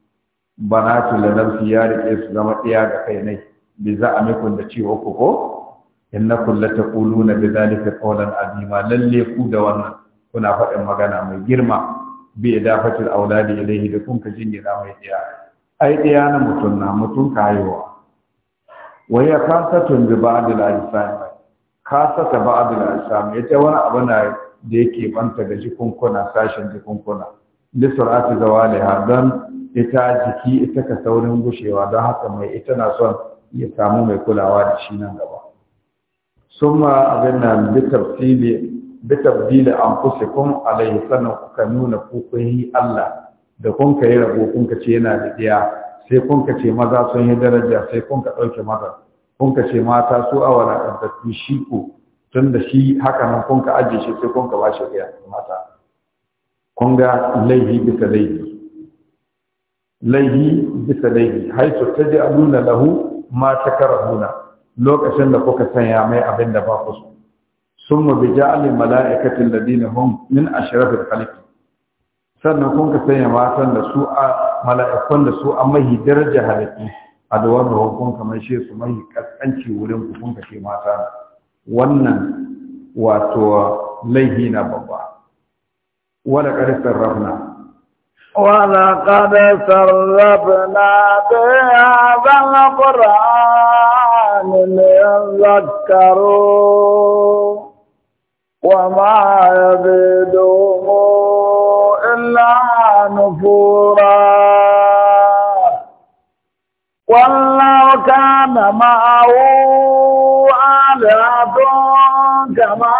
banatu la nafsi ya rike su zama ɗaya ga kai ne bi za a mikun da cewa ku ko innakum la taquluna bi zalika qawlan azima lalle ku da wannan kuna faɗin magana mai girma bi idafatil auladi ilayhi da kun ka a mai ɗaya ai ɗaya na mutum na mutum kayowa wai ya kasatun bi ba'dil ajsam kasata ba'dil ajsam yace wani abu na da yake banta da jikunkuna sashen jikunkuna li sur'ati zawaliha dan ita jiki ita ka saurin gushewa don haka mai ita na son ya samu mai kulawa da shi nan gaba Sun ma abin nan an kusa kun alayhi sannan kuka nuna kukuhi Allah da kun ka yi rabo kun ka ce yana da ɗaya, sai kun ka ce maza sun yi daraja sai kun ka ɗauke maza kun ka ce mata su wani ɗantattu shi ku, tun da shi haka nan kun ka ajiye shi sai kun ka ba shi ɗaya, mata kun ga laifi bisa laifi laihi bisa laihi haisu ta ji nuna lahu ma ta karahuna lokacin da kuka sanya mai abin da ba ku so sun mu bi ja'alin mala'ikatin dina hum min ashrafil halittu. sannan kun ka sanya matan da su a mala'ikun da su a mahi daraja halittu a da wanda hukun kamar shi su mahi kaskanci wurin ku kun ka ce mata wannan wato laihi na babba wala qad rafna. ولقد سربنا بهذا القرآن ليذكروا وما يزيدهم إلا نفورا والله كان معه آلهة كما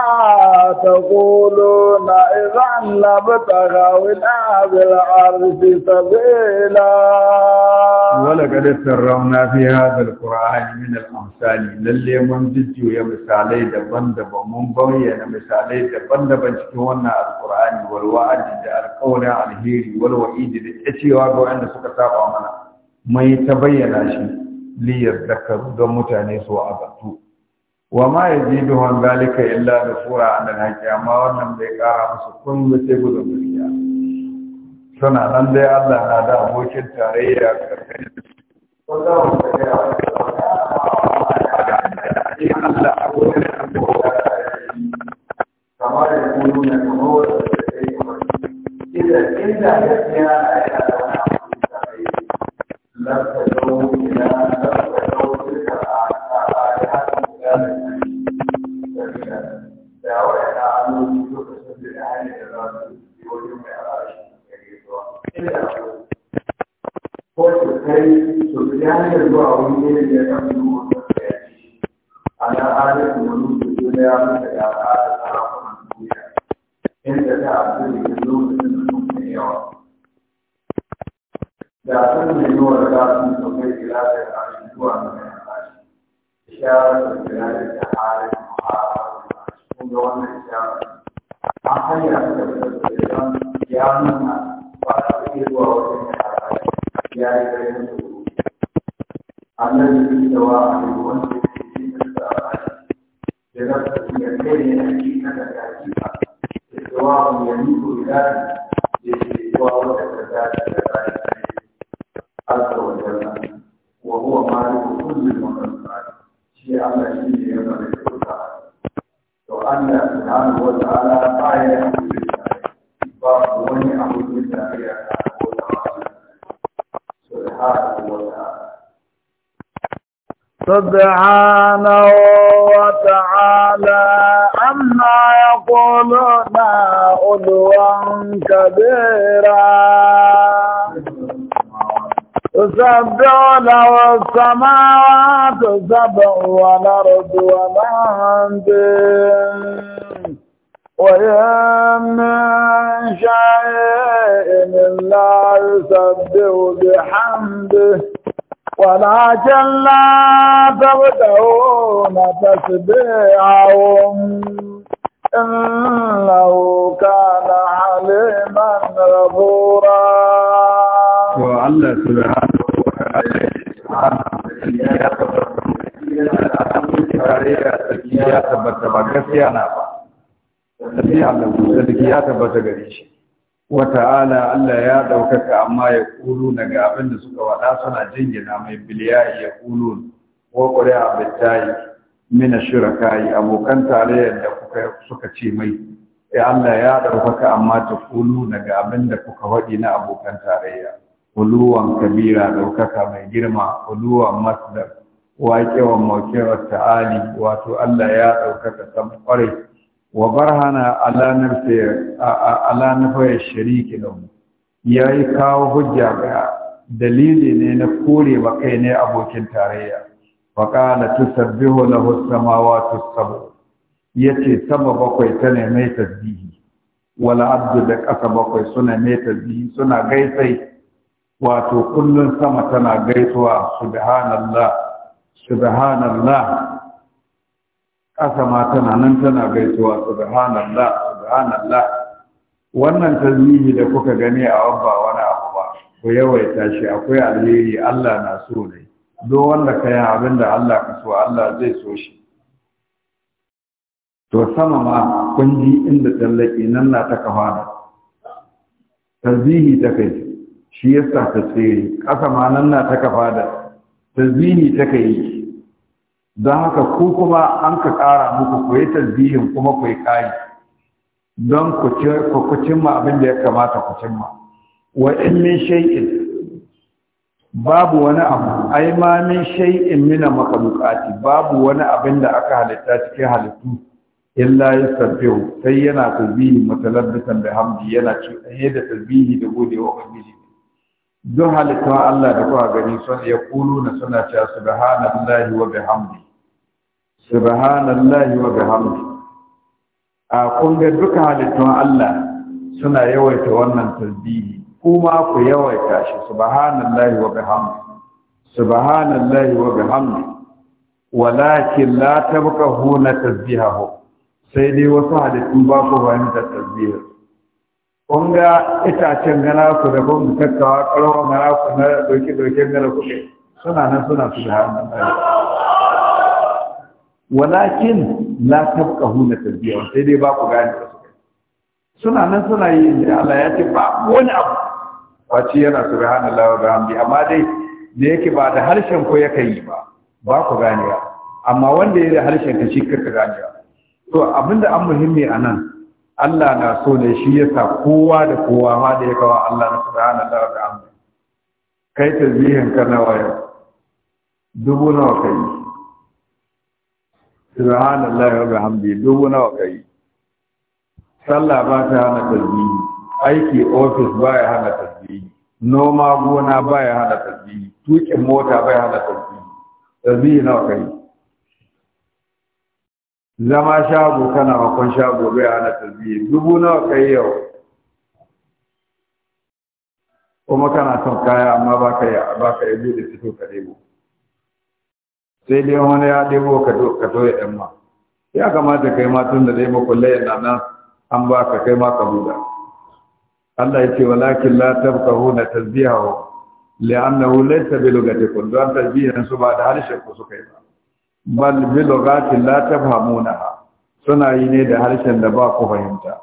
تقولون إذا لابتغوا إلى بالعرش سبيلا ولقد سررنا في هذا القرآن من الأمثال للي من جدي ويا مثالي دبن دبن من بويا مثالي دبن دبن شكونا القرآن والوعد القول الهيري والوعيد الاتشيوا وعند سكتاب عمنا ما يتبين شيء ليذكروا دون متعني سوى أبطوه wa ma yaziduhum zalika illa nufura an alhaqi amma wannan bai kara musu kullu sai gudun gaskiya suna nan dai Allah na da abokin tarayya karkashin جلا تبدعون تسبيعهم إنه كان عليما غفورا والله سبحانه وتعالى ya tabbata ba gaskiya na ba tafiya da kusa da ya tabbata gare shi wata'ala Allah ya ɗaukaka amma ya ƙulu daga abin da suka waɗa suna jingina mai biliyayi ya ƙulu wa a bittayi mina shirakayi abokan tarayyar da suka ce mai ya eh, Allah ya ɗaukaka amma ta ƙulu daga abin da kuka waɗi na abokan tarayya ƙuluwan kabira ɗaukaka mai girma ƙuluwan masdar waƙewan maukewar ta'ali wato Allah ya ɗaukaka sam ƙwarai wa barhana ala nafsi ala nafaya shariki lahu yayi kawo hujja ga dalili ne na kore ba kai ne abokin tarayya wa qala tusabbihu lahu samawati sab'u yace sama bakwai ta ne mai tasbihi wal abdu da kasa bakwai suna mai tasbihi suna gaisai wato kullun sama tana gaisuwa subhanallah subhanallah ƙasa ma tana nan tana gaisuwa subhanallah subhanallah wannan tazmihi da kuka gani a wabba wani abu ba ku yawaita shi akwai alheri Allah na so ne do wanda ka yi abin da Allah ka so Allah zai so shi to sama ma kun ji inda tallaki nan na ta kafa Tazmihi ta kai shi yasa ta tsere ƙasa ma nan na ta kafa da Tazmihi ta kai don haka ku kuma an ka ƙara muku ku yi tasbihin kuma ku yi ƙari don ku cimma abin da ya kamata ku cimma wa in min shay'in babu wani abu ai ma min shay'in mina makhluqati babu wani abin da aka halitta cikin halittu illa yasabbihu sai yana tasbihi mutalabbisan da hamdi yana ci da tasbihi da wa ubangiji duk halittun Allah da kuka gani sun ya kulu na suna cewa subhanallahi wa bihamdi subhanallahi wa bihamdi a kunga duka halittun Allah suna yawaita wannan tasbihi kuma ku yawaita shi subhanallahi wa bihamdi subhanallahi wa bihamdi walakin la huna tasbihahu sai dai wasu halittun ba ku fahimtar tasbihar kun ga itacen gana ku da kun kakkawa ƙarfa gana ku na doke-doken gana kuke suna nan suna su da hannun walakin la tafqahuna tarbiya sai dai ba ku gane suna nan suna yi inda Allah ya ce ba wani abu face yana subhanallahi wa bihamdi amma dai da yake ba da harshen ko yake yi ba ba ku gane ba amma wanda ya da harshen ka shi kaka gane ba to abinda an muhimmi a nan, Allah na so ne shi yasa kowa da kowa ma da ya kawo Allah na subhanallahi wa bihamdi kai ka kana waya dubu nawa kai subhanallahi wa bihamdi dubu nawa kai sallah ba ta hana tasbihi aiki ofis ba ya hana tasbihi noma gona ba ya hana tasbihi tukin mota ba ya hana tasbihi tasbihi nawa kai zama shago kana makon shago bai hana tasbihi dubu nawa kai yau kuma kana son kaya amma baka ka yi ba ka yi da fito ka sai dai wani ya ɗebo ka ya ɗan ma ya kamata kai ma tun da dai makullai ya nan an ba ka kai ma ka buɗa Allah ya ce walakin la tabqahu na tasbihahu li'annahu laysa bi lugatikum don tasbihin su ba da harshen ku suka yi ba bal bi lugatin la tafhamunaha suna yi ne da harshen da ba ku fahimta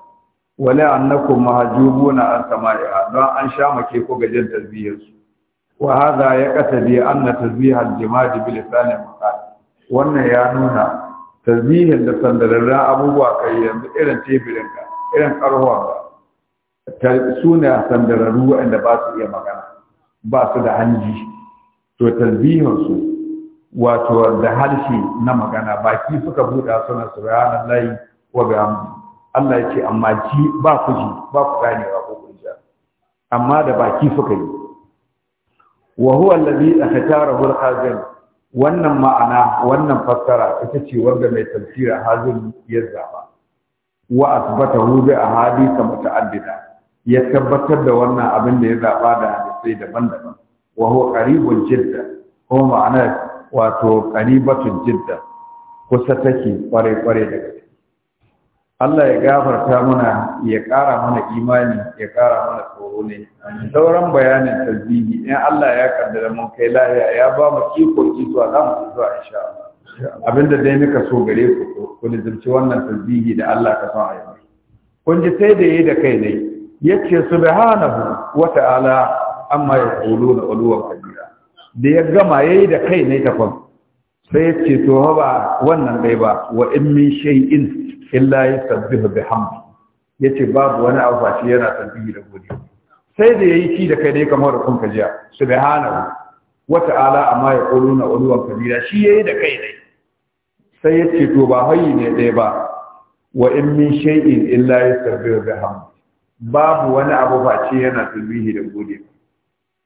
wala annakum mahjubuna an sama'iha don an shamake ku gajin tasbihin su wa hadha ya qasadi anna tazbih al-jimad bi lisan wannan ya nuna tazbihin da sandararra abubuwa kai yanzu irin tebirin ka irin karhuwa ta suna sandararru wanda ba su iya magana ba su da hanji to tazbihin su wato da harshe na magana baki suka buɗa suna subhanallahi wa bihamdihi Allah ya ce amma ji ba ku ji ba ku ganewa ko kun amma da baki suka yi wa huwa allazi ikhtarahu al wannan ma'ana wannan fassara ita ce wanda mai tafsira hazim ya zaba wa a bi ahadith muta'addida ya tabbatar da wannan abin da ya zaba da hadisai daban-daban wa huwa qaribun jidda ko ma'ana wato qaribatun jidda kusa take kware-kware daga Allah ya gafarta muna ya ƙara mana imani ya ƙara mana tsoro ne sauran bayanin tasbihi in Allah ya kaddara mun kai lahiya ya ba mu iko zuwa za mu zuwa insha Allah abinda dai muka so gare ku ku nizarci wannan tasbihi da Allah ka san kun ji sai da yayi da kai ne yace subhanahu wa ta'ala amma yaquluna uluwan kabira da ya gama yayi da kai ne ta kwan sai yace to ba wannan dai ba wa in min shay'in illa yasabbihu bihamdihi Ya ce babu wani abu face yana tasbihi da gode sai da ya yi ci da kai dai kamar kun kajiya ba wata ala amma ya na ulwan kabira shi ya yi da kai dai sai ya ce to ba hayi ne ɗaya ba wa in min shay'in illa da bihamdi babu wani abu face yana tasbihi da gode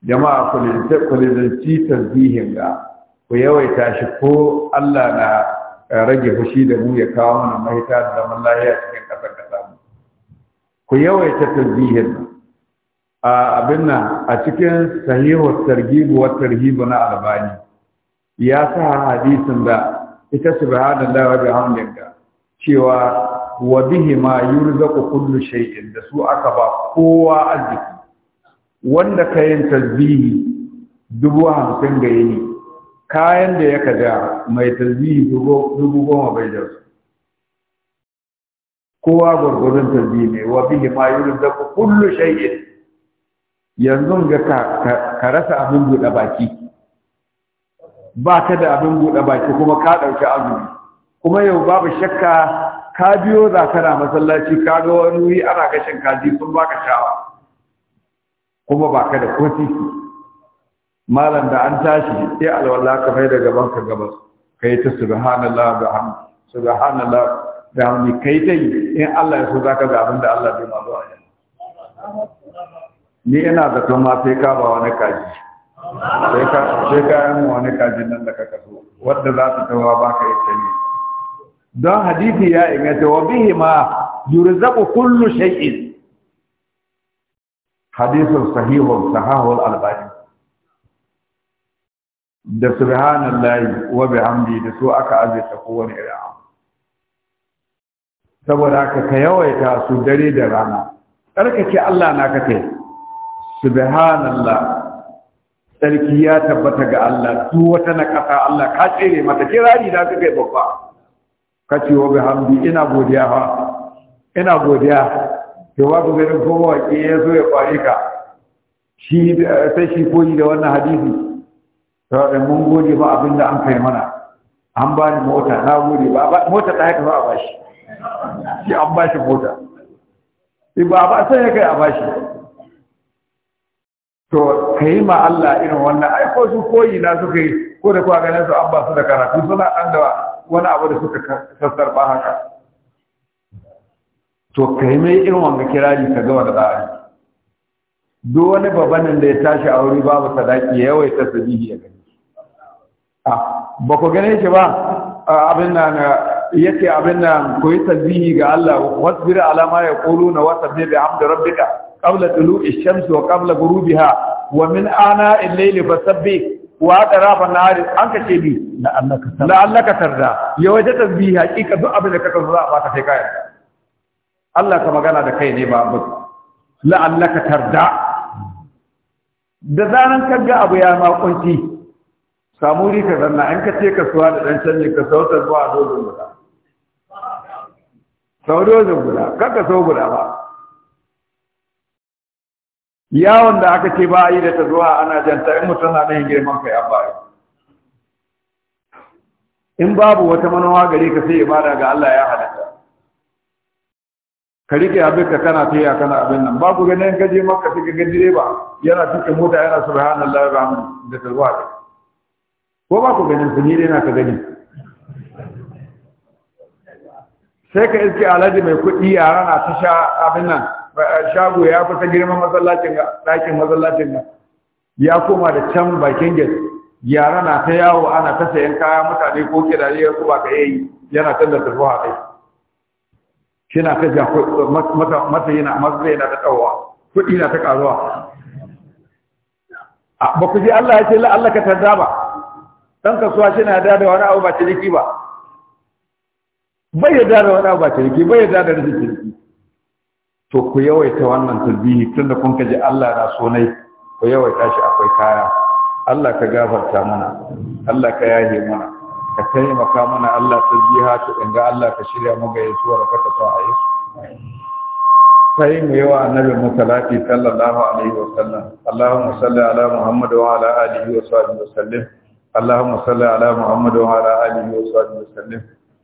jama'a ku lizanci tasbihin ga ku yawaita shi ko Allah na eh, rage fushi da mu ya kawo mana mahita da zaman lahiya cikin ƙasar ku yawaita tasbihin a abin nan a cikin sahihu targhib wa na albani ya sa hadisin da ita subhanallahi wa bihamdihi cewa wa bihi ma yurzaqu kullu shay'in da su aka ba kowa arziki wanda kayan tasbihi dubu hamsin ga yini kayan da ya kaja mai tasbihi dubu goma bai da kowa gwargwadon tarbi ne wa bihi ma yurzaqu kullu shay'in yanzu ga ka rasa abin buɗe baki ba ka da abin buɗe baki kuma ka ɗauki azumi kuma yau babu shakka ka biyo za zakara masallaci ka ga wani wuri ana kashin kaji sun baka shawa kuma ba ka da kofi malam da an tashi sai alwala ka mai da gaban ka gabas ka yi ta subhanallah da hamdu subhanallah Da wani kai dai in Allah ya so za ka ga abin da Allah bai mallo a yi ni ina da to ma sai ka ba wani kaji sai ka sai ka yi wani kaji nan da ka so wanda za ta tawa ba ka yi ne don hadisi ya inganta wa bihi ma yurzaqu kullu shay'in hadithun sahihun sahahul albani da subhanallahi wa bihamdi da so aka azza kowane irin saboda haka ka yawaita su dare da rana tsarkake Allah na ka kai subhanallah tsarki ya tabbata ga Allah duk wata nakasa Allah ka tsere mata kirari da kai babba ka ce wa bihamdi ina godiya fa ina godiya to babu kowa ke ya zo ya fari ka shi sai shi koyi da wannan hadisi to mun gode ba abinda an kai mana an bani mota na gode ba mota ta haka ba a bashi shi an ba shi mota ba ba sai ya kai a ba shi to ka yi ma Allah irin wannan aiko su koyi na suka yi ko da kuwa ganin su an ba su da karatu suna an da wani abu da suka sassar ba haka to ka yi mai irin wanga kirari ka gama da za'a do duk wani babanin da ya tashi a wuri babu sadaki ya yawaita sabihi ya gani ah, ba ku gane shi ba ah, abin na yake abin nan ku yi tasbihi ga Allah wasu wasbir ala ma yaquluna wa sabbih bihamdi rabbika qabla tulu'i shamsi wa qabla ghurubiha wa min ana al-layli fasabbih wa atrafa an-nahari an kace ni la'allaka tarda ya waje tasbihi hakika duk abin da kaka zuwa ba ta kai kai Allah ka magana da kai ne ba abu la'allaka tarda da zaran ga abu ya ma kunci samu rika zanna an ka ce kasuwa da dan canjin ka sautar zuwa dozin mutum sau dozin guda kaka sau guda ba yawon da aka ce ba a yi da ta zuwa ana janta in mutum na ɗan girman kai an bayan in babu wata manowa gare ka sai ibada ga Allah ya halitta. ka rike abin ka kana a kana abin nan babu ganin gaje maka sai ga direba yana tuka mota yana subhanallahi wa bihamdihi da zuwa ko ba ku ganin su ni dai na ka gani sai ka iske alhaji mai kuɗi yara na ta sha abin nan shago ya kusa girman masallacin ga ɗakin masallacin ga ya koma da can bakin gate yara na ta yawo ana ta sayan kaya mutane ko kidare ya kuba ka yayi yana can da tafiya kai kina ta ja mata mata yana masa yana ta ɗauwa. kuɗi na ta karuwa ba ku ji Allah ya ce la Allah ka Ɗan ba dan kasuwa shi na da da wani abu ba ciniki ba bai yadda da wani ba kirki bai yadda da rikin kirki to ku yawaita wannan tasbihi da kun kaji Allah na so nai ku yawaita shi akwai kaya Allah ka gafarta mana Allah ka yahe mana ka taimaka mana Allah tasbiha ta danga Allah ka shirya mu ga Yesu ka ta sa ayi sai mu yawa annabi musalati sallallahu alaihi wa sallam Allahumma salli ala Muhammad wa ala alihi wa sahbihi wa sallim Allahumma salli ala Muhammad wa ala alihi wa sahbihi wa sallim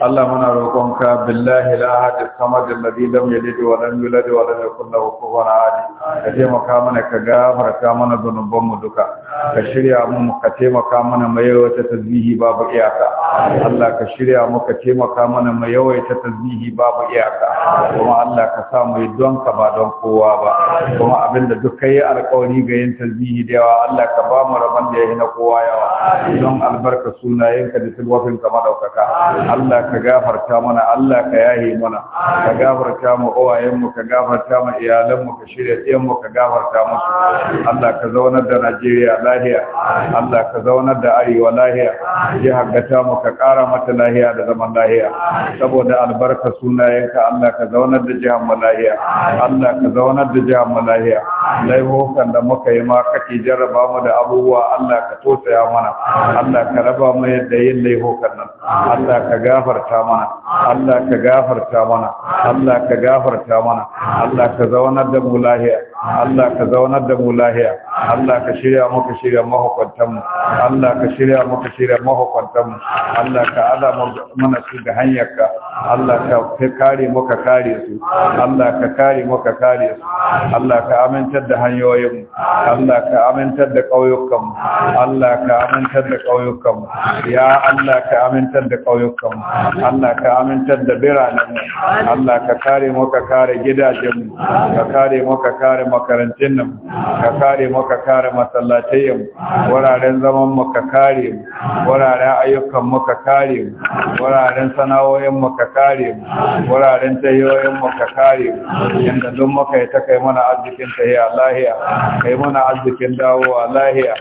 Allah muna roƙonka billahi la hada samad alladhi lam yalid wa lam yulad wa lam yakul lahu kufuwan ahad ka taimaka mana ka gafarta mana zunuban mu duka ka shirya mu ka taimaka mana mu yawaita tasbihi babu iyaka Allah ka shirya mu ka taimaka mana mu yawaita tasbihi babu iyaka kuma Allah ka sa mu don ka ba don kowa ba kuma abinda duk kai alƙawari ga yin tasbihi da yawa Allah ka ba mu rabon da yayi na kowa yawa don albarka sunayenka da tilwafinka madaukaka Allah ka gafarta mana Allah ka yahi mana ka gafarta mu uwayen mu ka gafarta mu iyalan mu ka shirya ɗiyan mu ka gafarta musu Allah ka zaunar da Najeriya lahiya Allah ka zaunar da Arewa lahiya ji haggata mu ka ƙara mata lahiya da zaman lahiya saboda albarka sunayenka Allah ka zaunar da jihar mu lahiya Allah ka zaunar da jihar mu lahiya laifukan da muka yi ma kake jarraba mu da abubuwa Allah ka tosaya mana Allah ka raba mu yadda yin laifukan nan Allah ka gafarta gafarta mana Allah ka gafarta mana Allah ka gafarta mana Allah ka zaunar da mu lahiya Allah ka zaunar da mu lahiya Allah ka shirya muka shirya mahukuntan mu Allah ka shirya muka shirya mahukuntan mu Allah ka azama mana su ga hanyarka Allah ka kare muka kare su Allah ka kare muka kare su Allah ka amintar da hanyoyin mu Allah ka amintar da ƙauyukan mu Allah ka amintar da ƙauyukan mu ya Allah ka amintar da ƙauyukan mu Allah ka amintar da biranen Allah ka kare mu ka kare gidajenmu, ka kare mu ka kare makarantun ka kare mu ka kare masallatayenmu, wuraren zaman mu ka kare mu wuraren ayyukan mu ka kare mu wuraren sana'o'in mu ka kare mu wuraren tayoyin mu ka kare mu inda duk muka yi ta kai mana arzikin tahiya lahiya kai mana arzikin dawowa lahiya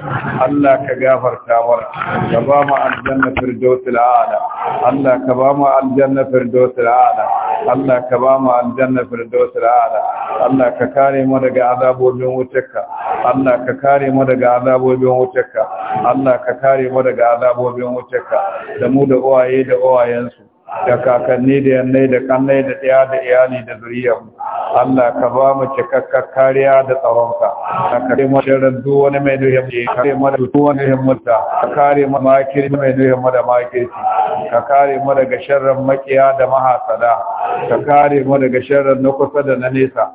Allah ka gafarta mana ka ba mu na firdausul a'la Allah ka ka ba aljanna firdausul a'la Allah ka ba aljanna firdausul a'la Allah ka kare mu daga azabobin wutarka Allah ka kare mu daga azabobin wutarka Allah ka kare mu daga azabobin wutarka da mu da uwaye da uwayensu da kakanni da yannai da kannai da ɗaya da iyali da zuriyar Allah ka ba mu cikakkar kariya da tsaronka ka kare mu shirin duk wani mai duhin mu ka kare mu da duk wani himmata ka kare mu makirci mai duhin mu da makirci ka kare mu daga sharrin makiya da mahasada ka kare mu daga sharrin na kusa da na nesa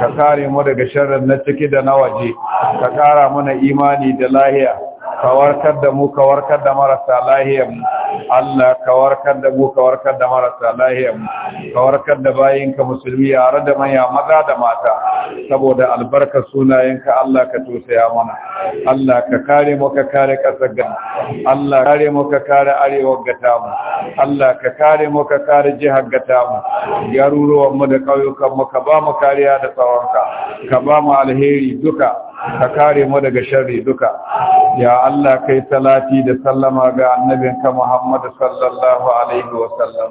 ka kare mu daga sharrin na ciki da na waje ka kara mana imani da lahiya ka warkar da mu kawar da marasa lahiyar mu Allah kawar da mu kawar warkar da marasa lahiyar mu da bayinka musulmi yare da manya maza da mata saboda albarka sunayenka Allah ka ya mana Allah ka kare mu ka kare kasar gana Allah kare mu ka kare arewa gata mu Allah ka kare mu ka kare jihar gata mu mu da kauyukan mu ka ba mu kariya da tsawonka ka ba mu alheri duka ka kare mu daga sharri duka ya Allah kai salati da sallama ga annabinka Muhammad sallallahu alaihi wa sallam